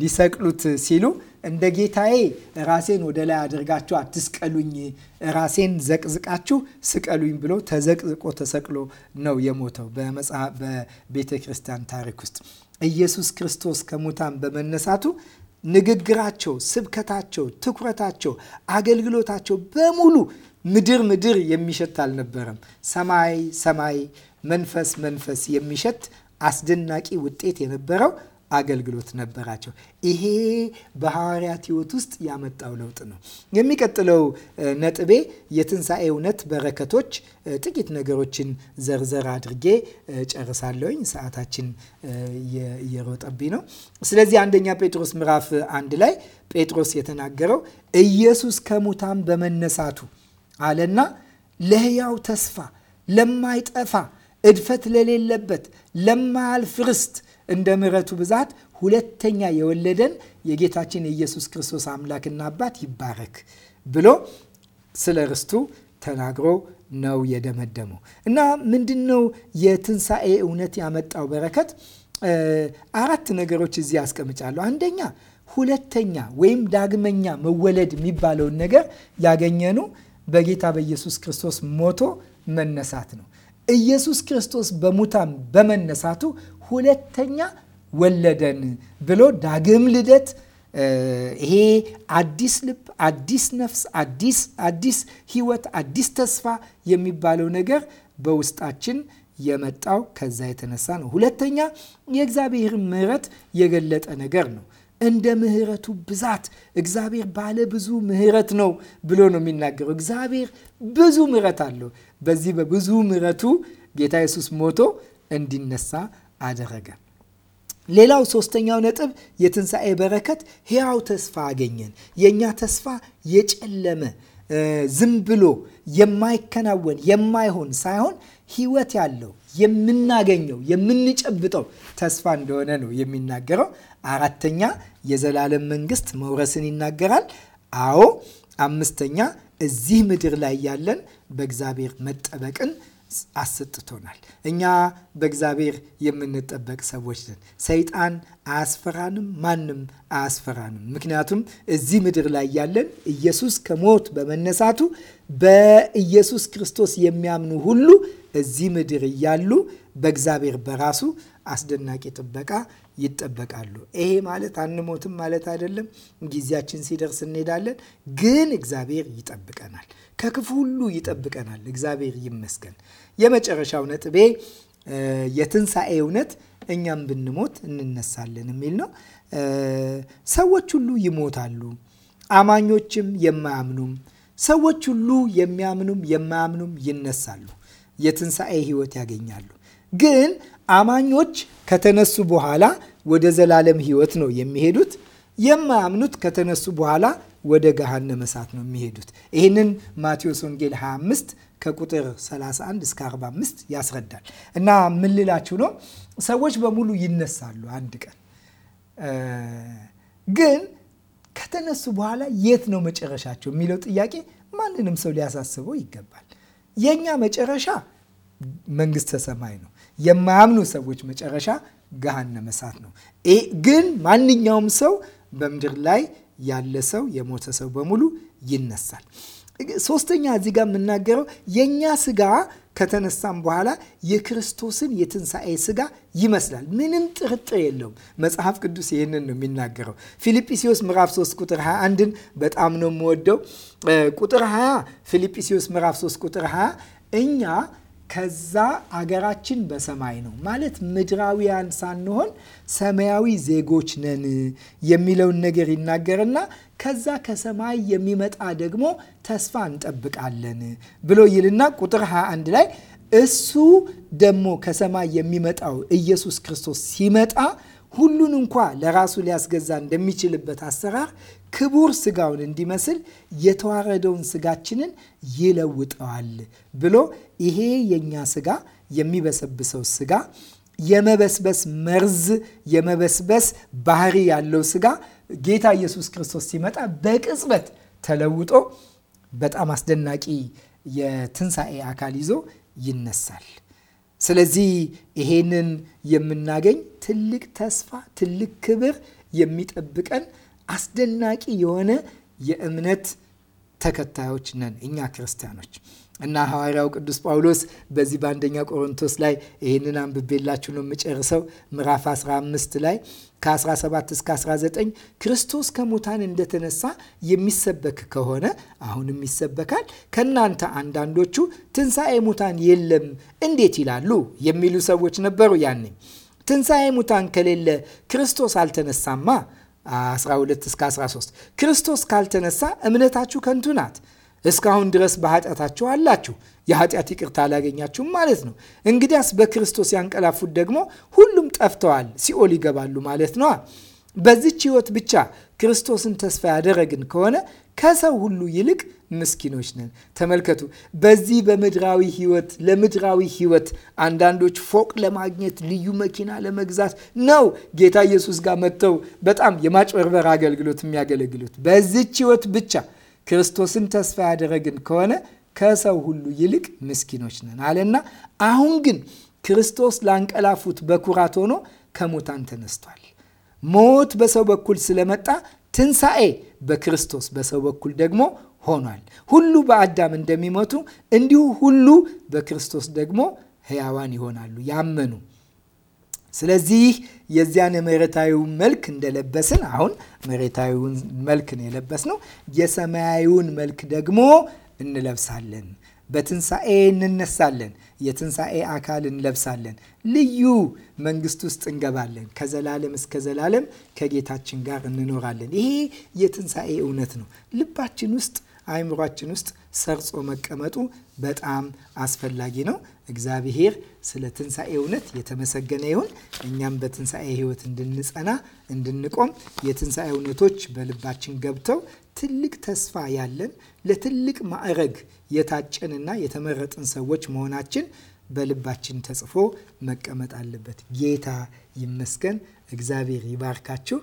ሊሰቅሉት ሲሉ እንደ ጌታዬ ራሴን ወደ ላይ አድርጋችሁ አትስቀሉኝ፣ ራሴን ዘቅዝቃችሁ ስቀሉኝ ብሎ ተዘቅዝቆ ተሰቅሎ ነው የሞተው በቤተ ክርስቲያን ታሪክ ውስጥ ኢየሱስ ክርስቶስ ከሙታን በመነሳቱ ንግግራቸው፣ ስብከታቸው፣ ትኩረታቸው፣ አገልግሎታቸው በሙሉ ምድር ምድር የሚሸት አልነበረም። ሰማይ ሰማይ፣ መንፈስ መንፈስ የሚሸት አስደናቂ ውጤት የነበረው አገልግሎት ነበራቸው። ይሄ በሐዋርያት ሕይወት ውስጥ ያመጣው ለውጥ ነው። የሚቀጥለው ነጥቤ የትንሣኤ እውነት በረከቶች፣ ጥቂት ነገሮችን ዘርዘር አድርጌ ጨርሳለሁኝ። ሰዓታችን እየሮጠብኝ ነው። ስለዚህ አንደኛ ጴጥሮስ ምዕራፍ አንድ ላይ ጴጥሮስ የተናገረው ኢየሱስ ከሙታን በመነሳቱ አለና ለሕያው ተስፋ ለማይጠፋ እድፈት ለሌለበት ለማያልፍ ርስት እንደ ምረቱ ብዛት ሁለተኛ የወለደን የጌታችን የኢየሱስ ክርስቶስ አምላክና አባት ይባረክ ብሎ ስለ ርስቱ ተናግሮ ነው የደመደመው። እና ምንድን ነው የትንሣኤ እውነት ያመጣው በረከት? አራት ነገሮች እዚህ ያስቀምጫሉ አንደኛ ሁለተኛ ወይም ዳግመኛ መወለድ የሚባለውን ነገር ያገኘኑ በጌታ በኢየሱስ ክርስቶስ ሞቶ መነሳት ነው። ኢየሱስ ክርስቶስ በሙታን በመነሳቱ ሁለተኛ ወለደን ብሎ ዳግም ልደት ይሄ አዲስ ልብ፣ አዲስ ነፍስ፣ አዲስ አዲስ ህይወት፣ አዲስ ተስፋ የሚባለው ነገር በውስጣችን የመጣው ከዛ የተነሳ ነው። ሁለተኛ የእግዚአብሔር ምሕረት የገለጠ ነገር ነው። እንደ ምሕረቱ ብዛት እግዚአብሔር ባለ ብዙ ምሕረት ነው ብሎ ነው የሚናገረው። እግዚአብሔር ብዙ ምሕረት አለው። በዚህ በብዙ ምሕረቱ ጌታ ኢየሱስ ሞቶ እንዲነሳ አደረገ። ሌላው ሶስተኛው ነጥብ የትንሣኤ በረከት ሕያው ተስፋ አገኘን። የእኛ ተስፋ የጨለመ ዝም ብሎ የማይከናወን የማይሆን ሳይሆን ሕይወት ያለው የምናገኘው የምንጨብጠው ተስፋ እንደሆነ ነው የሚናገረው። አራተኛ የዘላለም መንግስት መውረስን ይናገራል። አዎ፣ አምስተኛ እዚህ ምድር ላይ ያለን በእግዚአብሔር መጠበቅን አሰጥቶናል። እኛ በእግዚአብሔር የምንጠበቅ ሰዎች ነን። ሰይጣን አያስፈራንም፣ ማንም አያስፈራንም። ምክንያቱም እዚህ ምድር ላይ ያለን ኢየሱስ ከሞት በመነሳቱ በኢየሱስ ክርስቶስ የሚያምኑ ሁሉ እዚህ ምድር እያሉ በእግዚአብሔር በራሱ አስደናቂ ጥበቃ ይጠበቃሉ። ይሄ ማለት አንሞትም ማለት አይደለም። ጊዜያችን ሲደርስ እንሄዳለን፣ ግን እግዚአብሔር ይጠብቀናል። ከክፉ ሁሉ ይጠብቀናል። እግዚአብሔር ይመስገን። የመጨረሻው ነጥቤ የትንሣኤ እውነት እኛም ብንሞት እንነሳለን የሚል ነው። ሰዎች ሁሉ ይሞታሉ፣ አማኞችም የማያምኑም ሰዎች ሁሉ የሚያምኑም የማያምኑም ይነሳሉ፣ የትንሣኤ ህይወት ያገኛሉ። ግን አማኞች ከተነሱ በኋላ ወደ ዘላለም ህይወት ነው የሚሄዱት። የማያምኑት ከተነሱ በኋላ ወደ ገሃነመ እሳት ነው የሚሄዱት። ይህንን ማቴዎስ ወንጌል 25 ከቁጥር 31 እስከ 45 ያስረዳል። እና ምን ልላችሁ ነው፣ ሰዎች በሙሉ ይነሳሉ አንድ ቀን። ግን ከተነሱ በኋላ የት ነው መጨረሻቸው የሚለው ጥያቄ ማንንም ሰው ሊያሳስበው ይገባል። የእኛ መጨረሻ መንግስተ ሰማይ ነው። የማያምኑ ሰዎች መጨረሻ ገሃነመ እሳት ነው። ግን ማንኛውም ሰው በምድር ላይ ያለ ሰው የሞተ ሰው በሙሉ ይነሳል። ሶስተኛ እዚህ ጋር የምናገረው የእኛ ስጋ ከተነሳም በኋላ የክርስቶስን የትንሣኤ ስጋ ይመስላል። ምንም ጥርጥር የለውም። መጽሐፍ ቅዱስ ይህንን ነው የሚናገረው። ፊልጵስዎስ ምዕራፍ 3 ቁጥር 21ን በጣም ነው የምወደው። ቁጥር 20 ፊልጵስዎስ ምዕራፍ 3 ቁጥር 20 እኛ ከዛ አገራችን በሰማይ ነው ማለት ምድራዊያን ሳንሆን ሰማያዊ ዜጎች ነን የሚለውን ነገር ይናገርና ከዛ ከሰማይ የሚመጣ ደግሞ ተስፋ እንጠብቃለን ብሎ ይልና ቁጥር 21 ላይ እሱ ደግሞ ከሰማይ የሚመጣው ኢየሱስ ክርስቶስ ሲመጣ ሁሉን እንኳ ለራሱ ሊያስገዛ እንደሚችልበት አሰራር ክቡር ስጋውን እንዲመስል የተዋረደውን ስጋችንን ይለውጠዋል ብሎ ይሄ የእኛ ስጋ የሚበሰብሰው ስጋ የመበስበስ መርዝ የመበስበስ ባህሪ ያለው ስጋ ጌታ ኢየሱስ ክርስቶስ ሲመጣ በቅጽበት ተለውጦ በጣም አስደናቂ የትንሣኤ አካል ይዞ ይነሳል። ስለዚህ ይሄንን የምናገኝ ትልቅ ተስፋ፣ ትልቅ ክብር የሚጠብቀን አስደናቂ የሆነ የእምነት ተከታዮች ነን እኛ ክርስቲያኖች እና ሐዋርያው ቅዱስ ጳውሎስ በዚህ በአንደኛ ቆሮንቶስ ላይ ይህንን አንብቤላችሁ ነው የምጨርሰው። ምዕራፍ 15 ላይ ከ17 እስከ 19 ክርስቶስ ከሙታን እንደተነሳ የሚሰበክ ከሆነ አሁንም ይሰበካል። ከእናንተ አንዳንዶቹ ትንሣኤ ሙታን የለም እንዴት ይላሉ የሚሉ ሰዎች ነበሩ። ያኔ ትንሣኤ ሙታን ከሌለ ክርስቶስ አልተነሳማ። 12 እስከ 13 ክርስቶስ ካልተነሳ እምነታችሁ ከንቱ ናት። እስካሁን ድረስ በኃጢአታችሁ አላችሁ፣ የኃጢአት ይቅርታ አላገኛችሁም ማለት ነው። እንግዲያስ በክርስቶስ ያንቀላፉት ደግሞ ሁሉም ጠፍተዋል፣ ሲኦል ይገባሉ ማለት ነዋ። በዚች ሕይወት ብቻ ክርስቶስን ተስፋ ያደረግን ከሆነ ከሰው ሁሉ ይልቅ ምስኪኖች ነን። ተመልከቱ። በዚህ በምድራዊ ህይወት ለምድራዊ ህይወት አንዳንዶች ፎቅ ለማግኘት ልዩ መኪና ለመግዛት ነው ጌታ ኢየሱስ ጋር መጥተው በጣም የማጭበርበር አገልግሎት የሚያገለግሉት በዚች ህይወት ብቻ ክርስቶስን ተስፋ ያደረግን ከሆነ ከሰው ሁሉ ይልቅ ምስኪኖች ነን አለና አሁን ግን ክርስቶስ ላንቀላፉት በኩራት ሆኖ ከሙታን ተነስቷል። ሞት በሰው በኩል ስለመጣ ትንሣኤ በክርስቶስ በሰው በኩል ደግሞ ሆኗል። ሁሉ በአዳም እንደሚሞቱ እንዲሁ ሁሉ በክርስቶስ ደግሞ ሕያዋን ይሆናሉ ያመኑ ስለዚህ የዚያን የመሬታዊ መልክ እንደለበስን አሁን መሬታዊውን መልክ ነው የለበስ ነው። የሰማያዊውን መልክ ደግሞ እንለብሳለን። በትንሣኤ እንነሳለን። የትንሣኤ አካል እንለብሳለን። ልዩ መንግስት ውስጥ እንገባለን። ከዘላለም እስከ ዘላለም ከጌታችን ጋር እንኖራለን። ይሄ የትንሣኤ እውነት ነው ልባችን ውስጥ አይምሯችን ውስጥ ሰርጾ መቀመጡ በጣም አስፈላጊ ነው። እግዚአብሔር ስለ ትንሣኤ እውነት የተመሰገነ ይሁን። እኛም በትንሣኤ ሕይወት እንድንጸና እንድንቆም የትንሣኤ እውነቶች በልባችን ገብተው ትልቅ ተስፋ ያለን ለትልቅ ማዕረግ የታጨንና የተመረጥን ሰዎች መሆናችን በልባችን ተጽፎ መቀመጥ አለበት። ጌታ ይመስገን። እግዚአብሔር ይባርካችሁ።